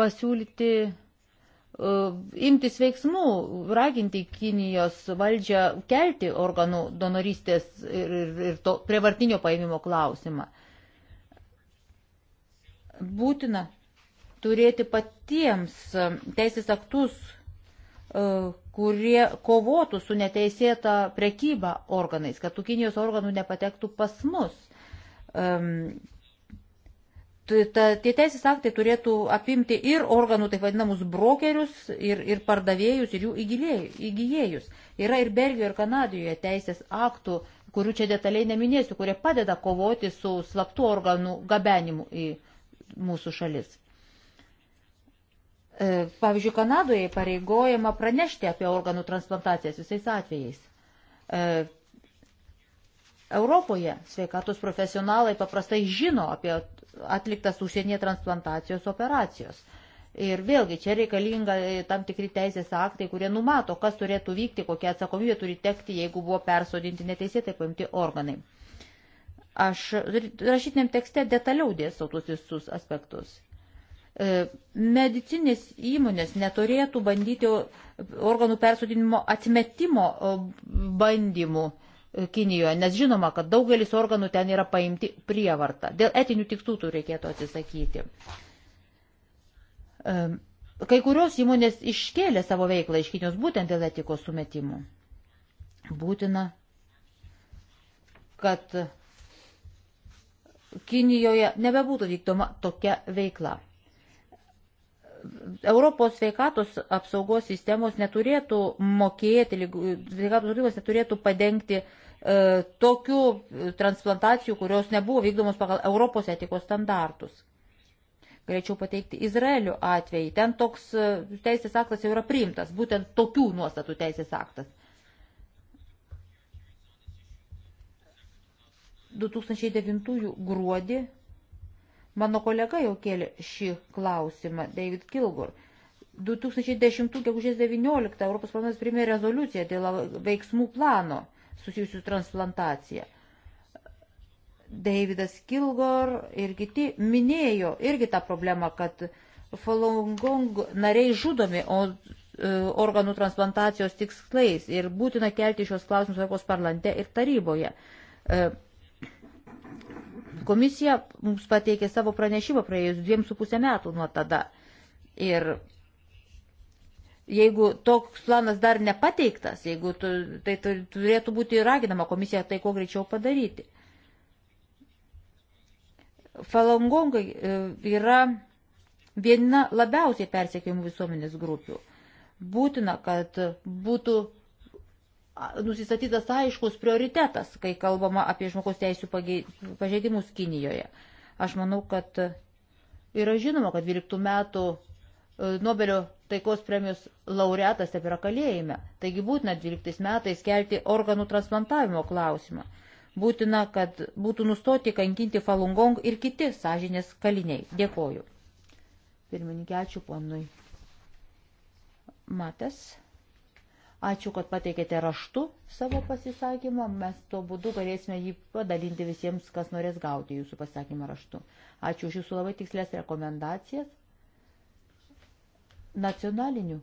pasiūlyti uh, imtis veiksmų, raginti Kinijos valdžią kelti organų donorystės ir, ir, ir to prievartinio paėmimo klausimą. Būtina turėti patiems teisės aktus, uh, kurie kovotų su neteisėta prekyba organais, kad tų Kinijos organų nepatektų pas mus. Um, ta, tie teisės aktai turėtų apimti ir organų, taip vadinamus, brokerius, ir, ir pardavėjus, ir jų įgyjėjus. Yra ir Belgijoje, ir Kanadoje teisės aktų, kurių čia detaliai neminėsiu, kurie padeda kovoti su slaptų organų gabenimu į mūsų šalis. E, pavyzdžiui, Kanadoje pareigojama pranešti apie organų transplantacijas visais atvejais. E, Europoje sveikatos profesionalai paprastai žino apie atliktas užsienyje transplantacijos operacijos. Ir vėlgi čia reikalinga e, tam tikri teisės aktai, kurie numato, kas turėtų vykti, kokia atsakomybė turi tekti, jeigu buvo persodinti neteisėtai paimti organai. Aš rašytiniam tekste detaliau dėstau tuos visus aspektus. E, Medicinės įmonės neturėtų bandyti organų persodinimo atmetimo e, bandymų Kinijoje, nes žinoma, kad daugelis organų ten yra paimti prievartą. Dėl etinių tikslų tų reikėtų atsisakyti. Kai kurios įmonės iškėlė savo veiklą iš Kinijos būtent dėl etikos sumetimų. Būtina, kad Kinijoje nebebūtų vykdoma tokia veikla. Europos sveikatos apsaugos sistemos neturėtų mokėti, sveikatos apsaugos neturėtų padengti e, tokių transplantacijų, kurios nebuvo vykdomos pagal Europos etikos standartus. Galėčiau pateikti Izraelio atvejį. Ten toks e, teisės aktas jau yra priimtas, būtent tokių nuostatų teisės aktas. 2009 gruodį Mano kolega jau kėlė šį klausimą, David Kilgur. 2010 gegužės 19 Europos planas primė rezoliuciją dėl veiksmų plano susijusių transplantaciją. Davidas Kilgor ir kiti minėjo irgi tą problemą, kad Falun Gong nariai žudomi o, e, organų transplantacijos tikslais ir būtina kelti šios klausimus Europos parlamente ir taryboje. E, Komisija mums pateikė savo pranešimą praėjus dviem su pusę metų nuo tada. Ir jeigu toks planas dar nepateiktas, jeigu tu, tai turėtų būti raginama komisija tai kuo greičiau padaryti. Falangongai e, yra viena labiausiai persekiojimų visuomenės grupių. Būtina, kad būtų nusistatytas aiškus prioritetas, kai kalbama apie žmogaus teisų pažeidimus Kinijoje. Aš manau, kad yra žinoma, kad 12 metų e, Nobelio taikos premijos laureatas taip yra kalėjime. Taigi būtina 12 metais kelti organų transplantavimo klausimą. Būtina, kad būtų nustoti kankinti Falungong ir kiti sąžinės kaliniai. Dėkoju. Pirmininkė, ačiū ponui. Matęs. Ačiū, kad pateikėte raštu savo pasisakymą. Mes tuo būdu galėsime jį padalinti visiems, kas norės gauti jūsų pasisakymą raštu. Ačiū už jūsų labai tikslės rekomendacijas. Nacionaliniu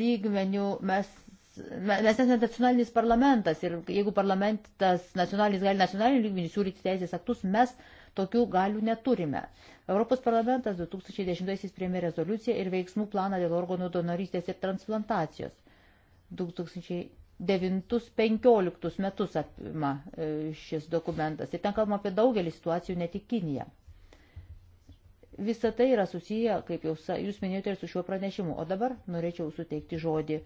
lygmeniu mes. Mes esame nacionalinis parlamentas ir jeigu parlamentas nacionalinis gali nacionaliniu lygmeniu siūlyti teisės aktus, mes uh, Tokių galių neturime. Europos parlamentas 2010-aisiais priėmė rezoliuciją ir veiksmų planą dėl organų donorystės ir transplantacijos. 2009-2015 metus apima e, šis dokumentas. Ir ten kalbama apie daugelį situacijų, ne tik Kiniją. Visa tai yra susiję, kaip jau jūs minėjote, ir su šiuo pranešimu. O dabar norėčiau suteikti žodį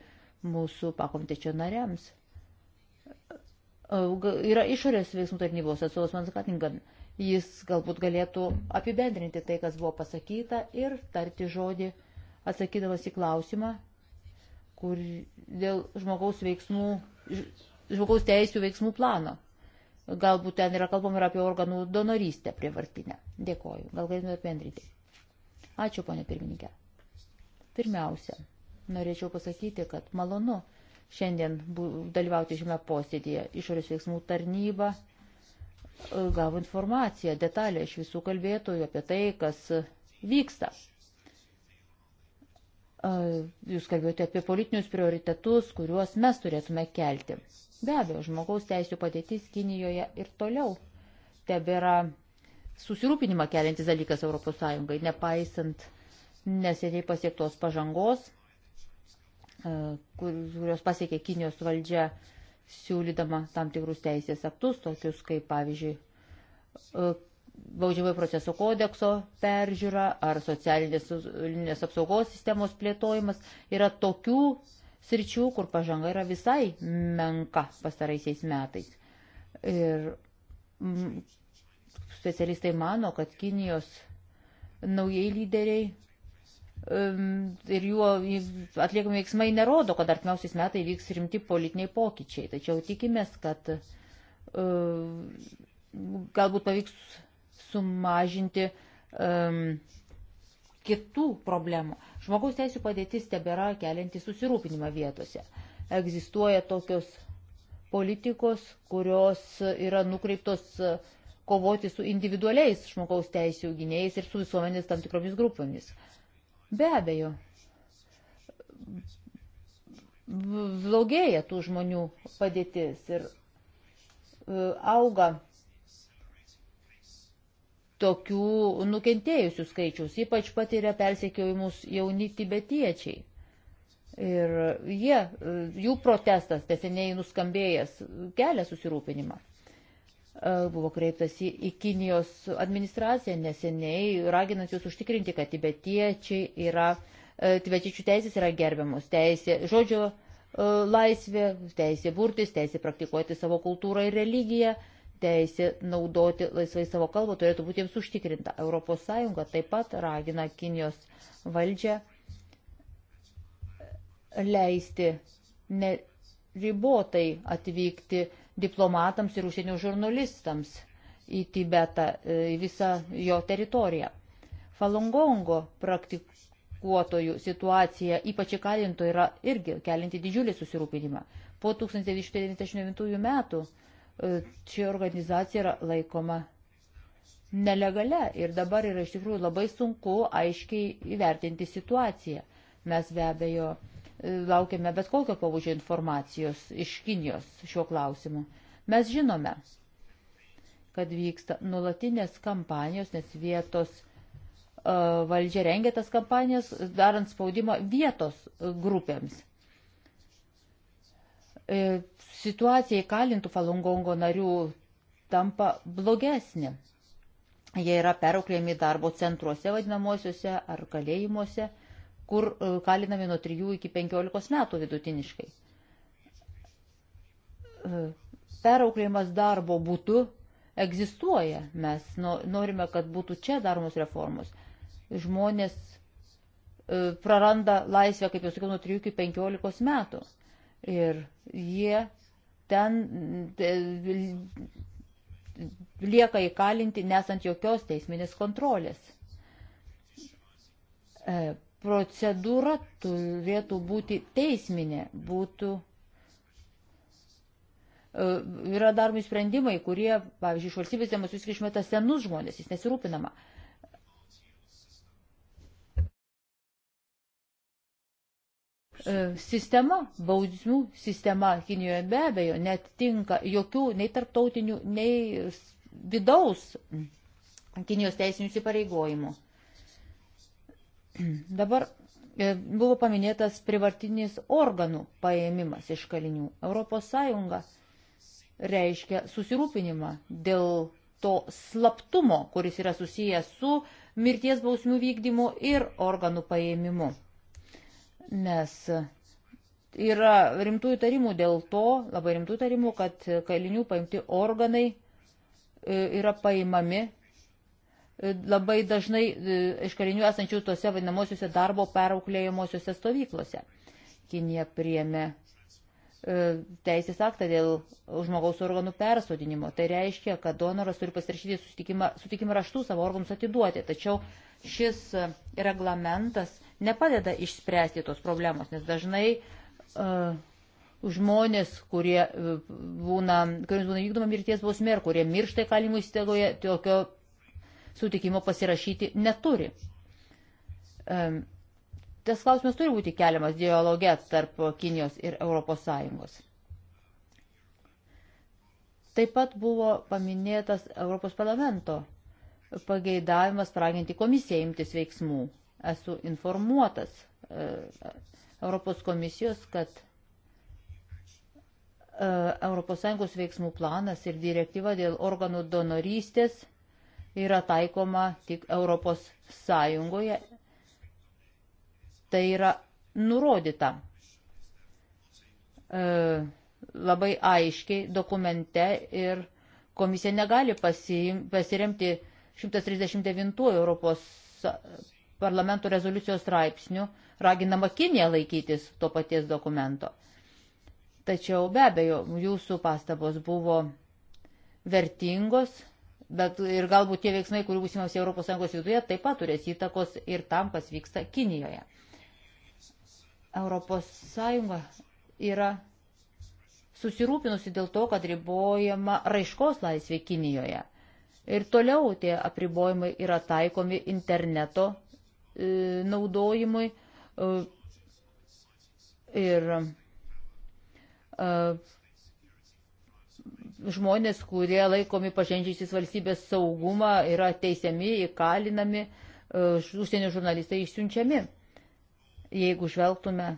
mūsų pakomitečio nariams. E, yra išorės veiksmų tarnybos atstovas Mansakatingan. Jis galbūt galėtų apibendrinti tai, kas buvo pasakyta ir tarti žodį atsakydamas į klausimą, kur dėl žmogaus veiksmų, žmogaus teisų veiksmų plano. Galbūt ten yra kalbama ir apie organų donorystę prievartinę. Dėkoju. Gal galėtume apendrinti. Ačiū, ponė pirmininkė. Pirmiausia, norėčiau pasakyti, kad malonu šiandien dalyvauti šiame posėdėje. Išorės veiksmų tarnyba gavo informaciją, detalę iš visų kalbėtojų apie tai, kas vyksta. Jūs kalbėjote apie politinius prioritetus, kuriuos mes turėtume kelti. Be abejo, žmogaus teisų padėtis Kinijoje ir toliau tebėra susirūpinimą keliantis dalykas ES, nepaisant neseniai pasiektos pažangos, kurios pasiekė Kinijos valdžia siūlydama tam tikrus teisės aktus, tokius kaip, pavyzdžiui, e, baudžiamojo proceso kodekso peržiūra ar socialinės apsaugos sistemos plėtojimas, yra tokių sričių, kur pažanga yra visai menka pastaraisiais metais. Ir mm, specialistai mano, kad Kinijos naujai lyderiai ir juo atliekami veiksmai nerodo, kad artimiausiais metais vyks rimti politiniai pokyčiai. Tačiau tikimės, kad galbūt pavyks sumažinti kitų problemų. Žmogaus teisų padėtis tebėra kelianti susirūpinimą vietose. Egzistuoja tokios politikos, kurios yra nukreiptos kovoti su individualiais žmogaus teisų gynėjais ir su visuomenės tam tikromis grupėmis. Be abejo, blogėja tų žmonių padėtis ir e, auga tokių nukentėjusių skaičius, ypač patiria persekiojimus jauni tibetiečiai. Ir jie, e, jų protestas, neseniai nuskambėjęs, kelia susirūpinimą. E, buvo kreiptasi į Kinijos administraciją neseniai, raginant jūs užtikrinti, kad tibetiečiai yra, e, tibetiečių teisės yra gerbiamos, teisė žodžio e, laisvė, teisė burtis, teisė praktikuoti savo kultūrą ir religiją, teisė naudoti laisvai savo kalbą turėtų būti jiems užtikrinta. ES taip pat ragina Kinijos valdžią leisti neribotai atvykti diplomatams ir užsienio žurnalistams į Tibetą, e, į visą jo teritoriją. Falungongo praktikuotojų situacija, ypač įkalinto, yra irgi kelinti didžiulį susirūpinimą. Po 1999 metų e, ši organizacija yra laikoma nelegale ir dabar yra iš tikrųjų labai sunku aiškiai įvertinti situaciją. Mes be abejo laukiame bet kokio pavūdžio informacijos iš Kinijos šiuo klausimu. Mes žinome, kad vyksta nulatinės kampanijos, nes vietos uh, valdžia rengia tas kampanijas, darant spaudimą vietos grupėms. E, situacija įkalintų Falungongo narių tampa blogesnė. Jie yra perauklėjami darbo centruose vadinamosiuose ar kalėjimuose kur e, kalinami nuo 3 iki 15 metų vidutiniškai. E, perauklėjimas darbo būtų egzistuoja. Mes norime, kad būtų čia daromos reformos. Žmonės e, praranda laisvę, kaip jau sakiau, nuo 3 iki 15 metų. Ir jie ten lieka įkalinti, nesant jokios teisminės kontrolės procedūra turėtų būti teisminė, būtų. E, yra daromi sprendimai, kurie, pavyzdžiui, iš valstybės tėmas jūs išmeta senus žmonės, jis nesirūpinama. E, sistema, baudžių sistema Kinijoje be abejo netinka jokių nei tarptautinių, nei vidaus Kinijos teisinių įsipareigojimų. Dabar e, buvo paminėtas privartinis organų paėmimas iš kalinių. ES reiškia susirūpinimą dėl to slaptumo, kuris yra susijęs su mirties bausmių vykdymu ir organų paėmimu. Nes yra rimtų įtarimų dėl to, labai rimtų įtarimų, kad kalinių paimti organai e, yra paimami E, labai dažnai e, iš karinių esančių tose vadinamosiuose darbo perauklėjimosiuose stovyklose. Kinija priėmė e, teisės aktą dėl žmogaus organų persodinimo. Tai reiškia, kad donoras turi pasirašyti sutikimą raštų savo organus atiduoti. Tačiau šis reglamentas nepadeda išspręsti tos problemos, nes dažnai uh, žmonės, kurie būna, kuriems būna vykdoma mirties bausmė ir kurie miršta įkalimų įstaigoje, tokio sutikimo pasirašyti neturi. Tas klausimas turi būti keliamas dialoge tarp Kinijos ir ES. Taip pat buvo paminėtas Europos parlamento pageidavimas praginti komisiją imtis veiksmų. Esu informuotas e, Europos komisijos, kad ES veiksmų planas ir direktyva dėl organų donorystės yra taikoma tik Europos Sąjungoje. Tai yra nurodyta e, labai aiškiai dokumente ir komisija negali pasiim, pasiremti 139 Europos parlamento rezoliucijos straipsnių, raginama Kinė laikytis to paties dokumento. Tačiau be abejo, jūsų pastabos buvo vertingos Bet ir galbūt tie veiksmai, kurių būsimams ES viduje, taip pat turės įtakos ir tam, kas vyksta Kinijoje. ES yra susirūpinusi dėl to, kad ribojama raiškos laisvė Kinijoje. Ir toliau tie apribojimai yra taikomi interneto e, naudojimui. E, ir e, žmonės, kurie laikomi pažengžiais valstybės saugumą, yra teisiami, įkalinami, e, užsienio žurnalistai išsiunčiami. Jeigu žvelgtume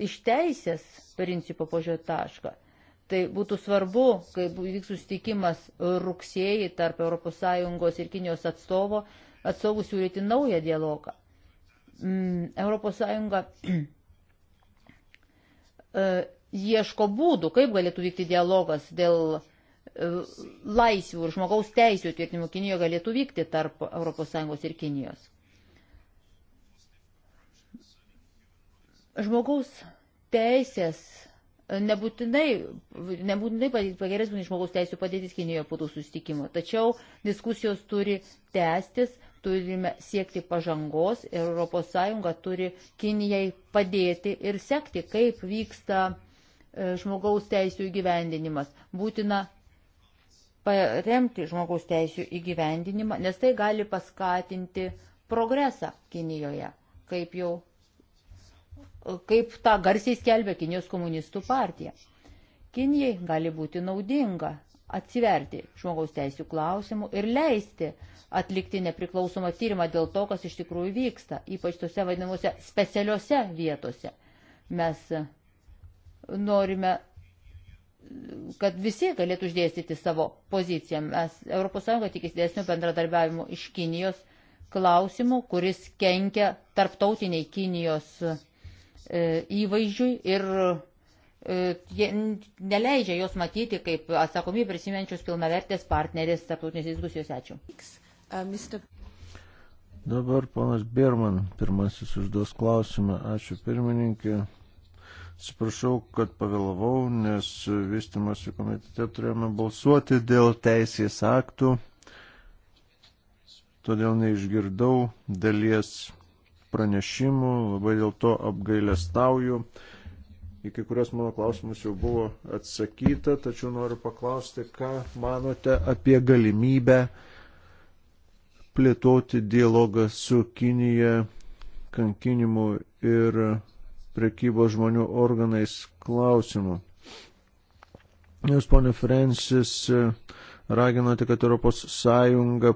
iš teisės principo požiūrio tašką, tai būtų svarbu, kai vyks susitikimas rugsėjai tarp ES ir Kinijos atstovo, atstovų siūlyti naują dialogą. Mm, ES ieško būdų, kaip galėtų vykti dialogas dėl e, laisvių ir žmogaus teisų tvirtinimų Kinijoje galėtų vykti tarp ES ir Kinijos. Žmogaus teisės nebūtinai, nebūtinai pagerės būtų žmogaus teisų padėtis Kinijoje po tų susitikimų, tačiau diskusijos turi tęstis, turime siekti pažangos ir ES turi Kinijai padėti ir sekti, kaip vyksta uh, E, žmogaus teisų įgyvendinimas. Būtina paremti žmogaus teisų įgyvendinimą, nes tai gali paskatinti progresą Kinijoje, kaip jau kaip tą garsiai skelbia Kinijos komunistų partija. Kinijai gali būti naudinga atsiverti žmogaus teisų klausimų ir leisti atlikti nepriklausomą tyrimą dėl to, kas iš tikrųjų vyksta, ypač tose vadinamuose specialiuose vietose. Mes norime, kad visi galėtų išdėstyti savo poziciją. Mes ES tikis dėsnio bendradarbiavimo iš Kinijos klausimų, kuris kenkia tarptautiniai Kinijos e, įvaizdžiui ir e, jie neleidžia jos matyti kaip atsakomybę prisimenčius pilnavertės partnerės tarptautinės diskusijos. Ačiū. Uh, Dabar ponas Birman pirmasis užduos klausimą. Ačiū pirmininkė. Atsiprašau, kad pavėlavau, nes vystimosi komitete turėjome balsuoti dėl teisės aktų, todėl neišgirdau dalies pranešimų, labai dėl to apgailestauju. Į kai kurias mano klausimus jau buvo atsakyta, tačiau noriu paklausti, ką manote apie galimybę plėtoti dialogą su Kinija kankinimu ir priekybos žmonių organais klausimų. Jūs, ponė Francis, raginote, kad ES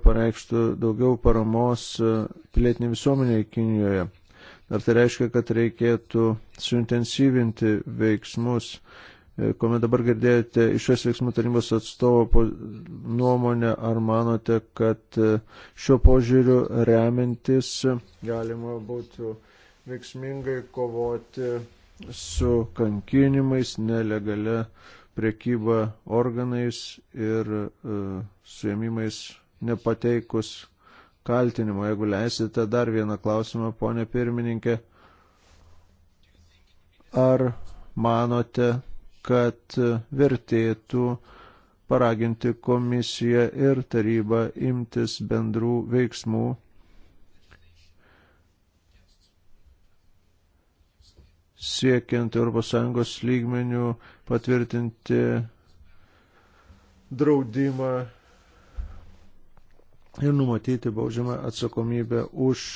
pareikštų daugiau paramos pilietinė visuomenė Kinijoje. Ar tai reiškia, kad reikėtų suintensyvinti veiksmus? Kuomet dabar girdėjote iš šios veiksmų tarnybos atstovo nuomonę, ar manote, kad šiuo požiūriu remintis galima būtų uh, veiksmingai kovoti su kankinimais, nelegale priekyba organais ir uh, suėmimais nepateikus kaltinimo. Jeigu leisite dar vieną klausimą, ponė pirmininkė, ar manote, kad vertėtų paraginti komisiją ir tarybą imtis bendrų veiksmų siekiant ES lygmenių patvirtinti draudimą ir numatyti baudžiamą atsakomybę už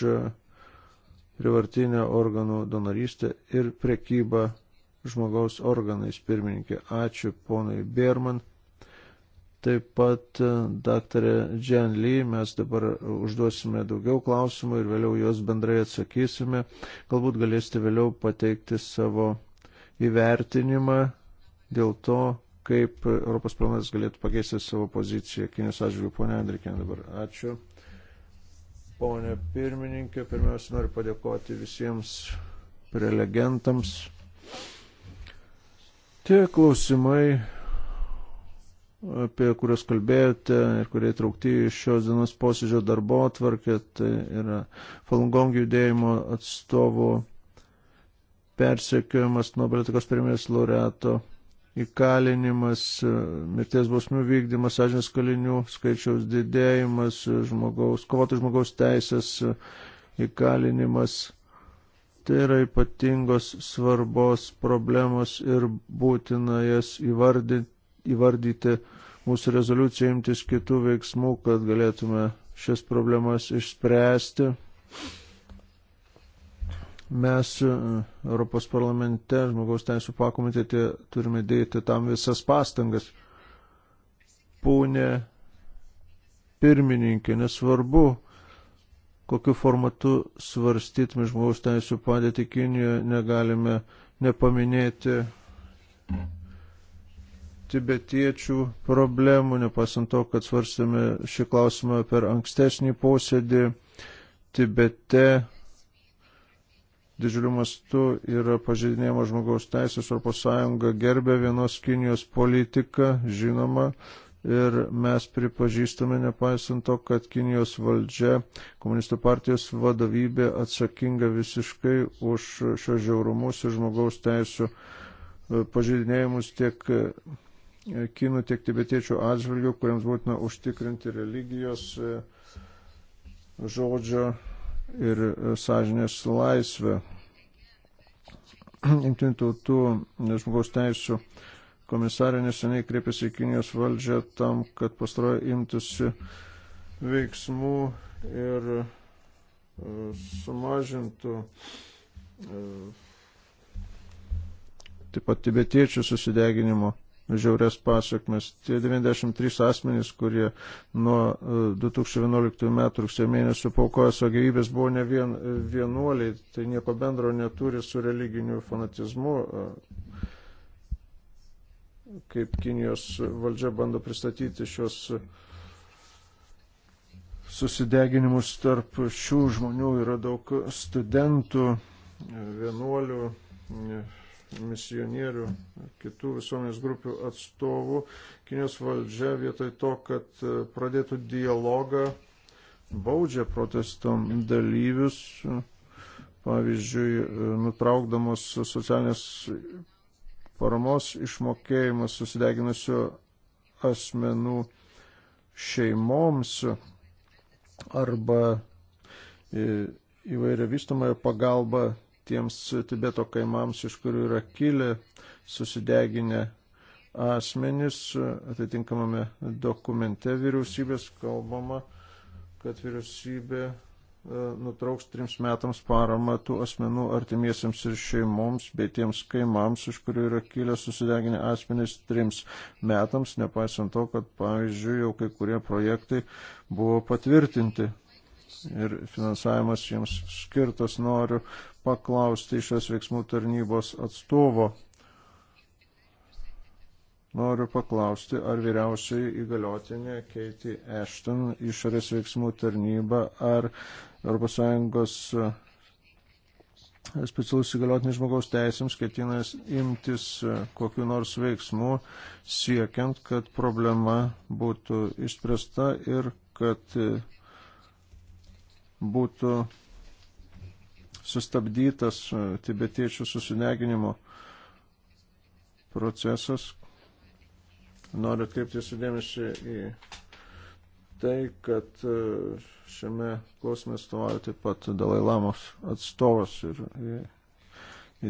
privartinę organų donorystę ir prekybą žmogaus organais. Pirmininkė, ačiū ponai Berman. Taip pat e, daktarė Džen Ly, mes dabar užduosime daugiau klausimų ir vėliau juos bendrai atsakysime. Galbūt galėsite vėliau pateikti savo įvertinimą dėl to, kaip Europos planas galėtų pakeisti savo poziciją. Kinės atžvilgiu, ponia Andrikė, dabar ačiū. Pone pirmininkė, pirmiausia noriu padėkoti visiems prelegentams. Tie klausimai apie kuriuos kalbėjote ir kurie traukti iš šios dienos posėdžio darbo atvarkė, tai yra Falungong judėjimo atstovų persekiojimas Nobelio taikos premijos laureato įkalinimas, mirties bausmių vykdymas, sąžinės kalinių skaičiaus didėjimas, žmogaus, kovotų žmogaus teisės įkalinimas. Tai yra ypatingos svarbos problemos ir būtina jas įvardinti įvardyti mūsų rezoliuciją, imtis kitų veiksmų, kad galėtume šias problemas išspręsti. Mes e, Europos parlamente, žmogaus teisų pakomitėte, turime dėti tam visas pastangas. Pūne pirmininkė, nesvarbu, kokiu formatu svarstytume žmogaus teisų padėtį Kinijoje, negalime nepaminėti tibetiečių problemų, nepasant to, kad svarstėme šį klausimą per ankstesnį posėdį. Tibete didžiuliu mastu yra pažeidinėjama žmogaus teisės, Europos Sąjunga gerbė vienos Kinijos politiką, žinoma, ir mes pripažįstame, nepaisant to, kad Kinijos valdžia, komunistų partijos vadovybė atsakinga visiškai už šios žiaurumus ir žmogaus teisų e, pažeidinėjimus tiek E, kinų, tiek tibetiečių atžvilgių, kuriems būtina užtikrinti religijos e, žodžio ir e, sąžinės laisvę. Jungtinių tautų žmogaus teisų komisarė neseniai kreipėsi į Kinijos valdžią tam, kad pastaroji imtųsi veiksmų ir sumažintų taip pat tibetiečių susideginimo žiaurias pasiekmes. Tie 93 asmenys, kurie nuo 2011 e, metų rugsėjo mėnesio paukojo savo gyvybės, buvo ne vien e, vienuoliai, tai nieko bendro neturi su religiniu fanatizmu, e, kaip Kinijos valdžia bando pristatyti šios susideginimus tarp šių žmonių. Yra daug studentų, vienuolių misionierių, kitų visuomenės grupių atstovų, Kinijos valdžia vietoj to, kad e, pradėtų dialogą, baudžia protestam dalyvius, e, pavyzdžiui, e, nutraukdamos socialinės paramos išmokėjimus susideginusių asmenų šeimoms arba įvairią vystamąją pagalbą tiems Tibeto kaimams, iš kurių yra kilę susideginę asmenys. Atitinkamame dokumente vyriausybės kalbama, kad vyriausybė e, nutrauks trims metams paramą tų asmenų artimiesiams ir šeimoms, bei tiems kaimams, iš kurių yra kilę susideginę asmenys trims metams, nepaisant to, kad, pavyzdžiui, jau kai kurie projektai buvo patvirtinti ir finansavimas jiems skirtas. Noriu paklausti iš šios veiksmų tarnybos atstovo. Noriu paklausti, ar vyriausiai įgaliotinė Keiti Ashton išorės veiksmų tarnyba ar ES e, specialus įgaliotinis žmogaus teisėms ketinas imtis e, kokiu nors veiksmu siekiant, kad problema būtų išspręsta ir kad e, būtų sustabdytas e, tibetiečių susineginimo procesas. Noriu atkreipti sudėmesį į tai, kad e, šiame klausime stovauja taip pat Dalai Lamos atstovas ir e,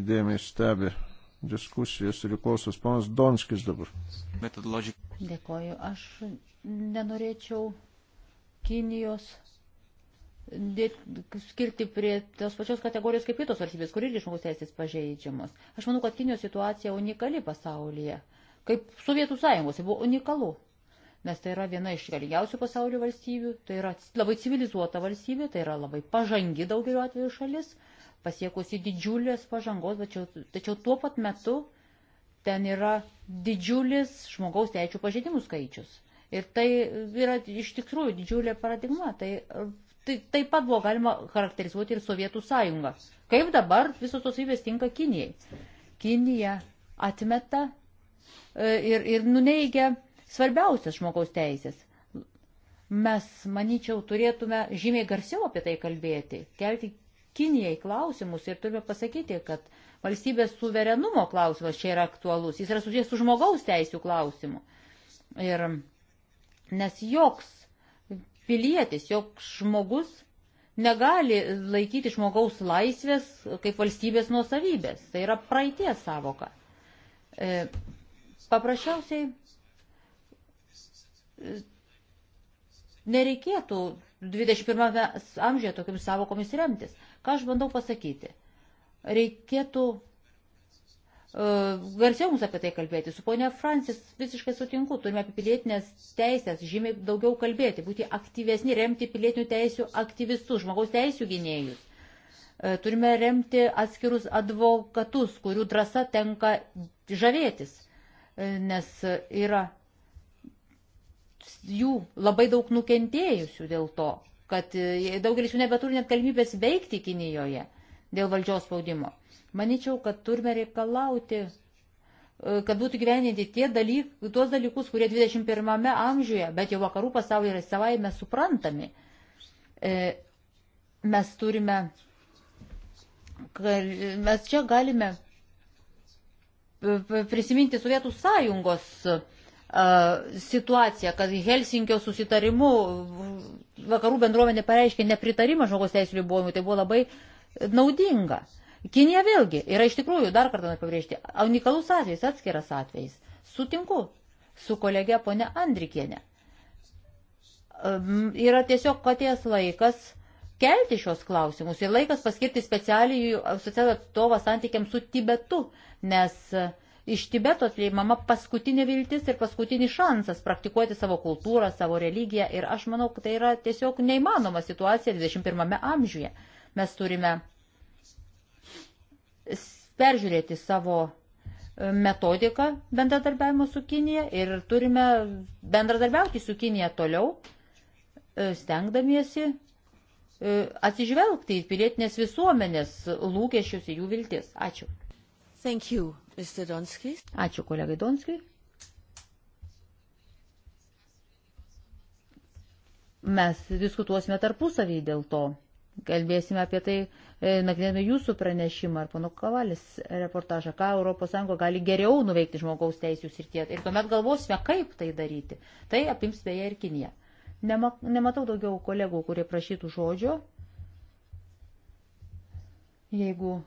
įdėmiai stebi diskusijas ir klausos. Panas Donskis dabar. Metodologi... Dėkoju. Aš nenorėčiau Kinijos skirti prie tos pačios kategorijos kaip kitos valstybės, kur irgi žmogus teisės pažeidžiamas. Aš manau, kad Kinijos situacija unikali pasaulyje. Kaip Sovietų sąjungos, tai buvo unikalu. Nes tai yra viena iš galingiausių pasaulio valstybių, tai yra labai civilizuota valstybė, tai yra labai pažangi daugeliu atveju šalis, pasiekusi didžiulės pažangos, tačiau, tačiau tuo pat metu ten yra didžiulis žmogaus teisų pažeidimų skaičius. Ir tai yra iš tikrųjų didžiulė paradigma. Tai tai taip pat buvo galima charakterizuoti ir Sovietų sąjungą. Kaip dabar visos tos įvės tinka Kinijai? Kinija atmeta e, ir, ir nuneigia svarbiausias žmogaus teisės. Mes, manyčiau, turėtume žymiai garsiau apie tai kalbėti, kelti Kinijai klausimus ir turime pasakyti, kad valstybės suverenumo klausimas čia yra aktualus, jis yra susijęs su žmogaus teisų klausimu. Ir nes joks pilietis, jog žmogus negali laikyti žmogaus laisvės kaip valstybės nuosavybės. Tai yra praeities savoka. E, paprasčiausiai e, nereikėtų 21 amžiuje tokiamis savokomis remtis. Ką aš bandau pasakyti? Reikėtų E, garsiau mums apie tai kalbėti. Su ponia Francis visiškai sutinku, turime apie pilietinės teisės žymiai daugiau kalbėti, būti aktyvesni, remti pilietinių teisių aktyvistus, žmogaus teisų gynėjus. E, turime remti atskirus advokatus, kurių drąsa tenka žavėtis, e, nes yra jų labai daug nukentėjusių dėl to, kad daugelis jų nebeturi net galimybės veikti Kinijoje dėl valdžios spaudimo. Maničiau, kad turime reikalauti, e, kad būtų gyveninti tie dalykai, tuos dalykus, kurie 21 amžiuje, bet jau vakarų pasaulyje yra savaime suprantami. E, mes turime, mes čia galime prisiminti Sovietų sąjungos e, situaciją, kad Helsinkio susitarimu vakarų bendruomenė pareiškė nepritarimą žmogaus teisų ribojimui. Tai buvo labai uh, naudinga. Kinija vėlgi yra iš tikrųjų, dar kartą noriu pabrėžti, unikalus atvejis, atskiras atvejis. Sutinku su kolegė ponė Andrikienė. Yra tiesiog katės laikas kelti šios klausimus ir laikas paskirti specialijų socialinio atstovą santykiams su Tibetu, nes e, iš Tibeto atleimama paskutinė viltis ir paskutinis šansas praktikuoti savo kultūrą, savo religiją ir aš manau, kad tai yra tiesiog neįmanoma situacija 21 amžiuje. Mes turime peržiūrėti savo metodiką bendradarbiavimo su Kinija ir turime bendradarbiauti su Kinija toliau, e, stengdamiesi e, atsižvelgti į pilietinės visuomenės lūkesčius ir jų viltis. Ačiū. Thank you, Mr. Donsky. Ačiū, kolegai Donskiai. Mes diskutuosime tarpusavį dėl to. Kalbėsime apie tai, e, nagrinėdami jūsų pranešimą ar pono Kavalis reportažą, ką ES gali geriau nuveikti žmogaus teisų srityje. Ir tuomet galvosime, kaip tai daryti. Tai apims beje ir Kinija. Nema, nematau daugiau kolegų, kurie prašytų žodžio. Jeigu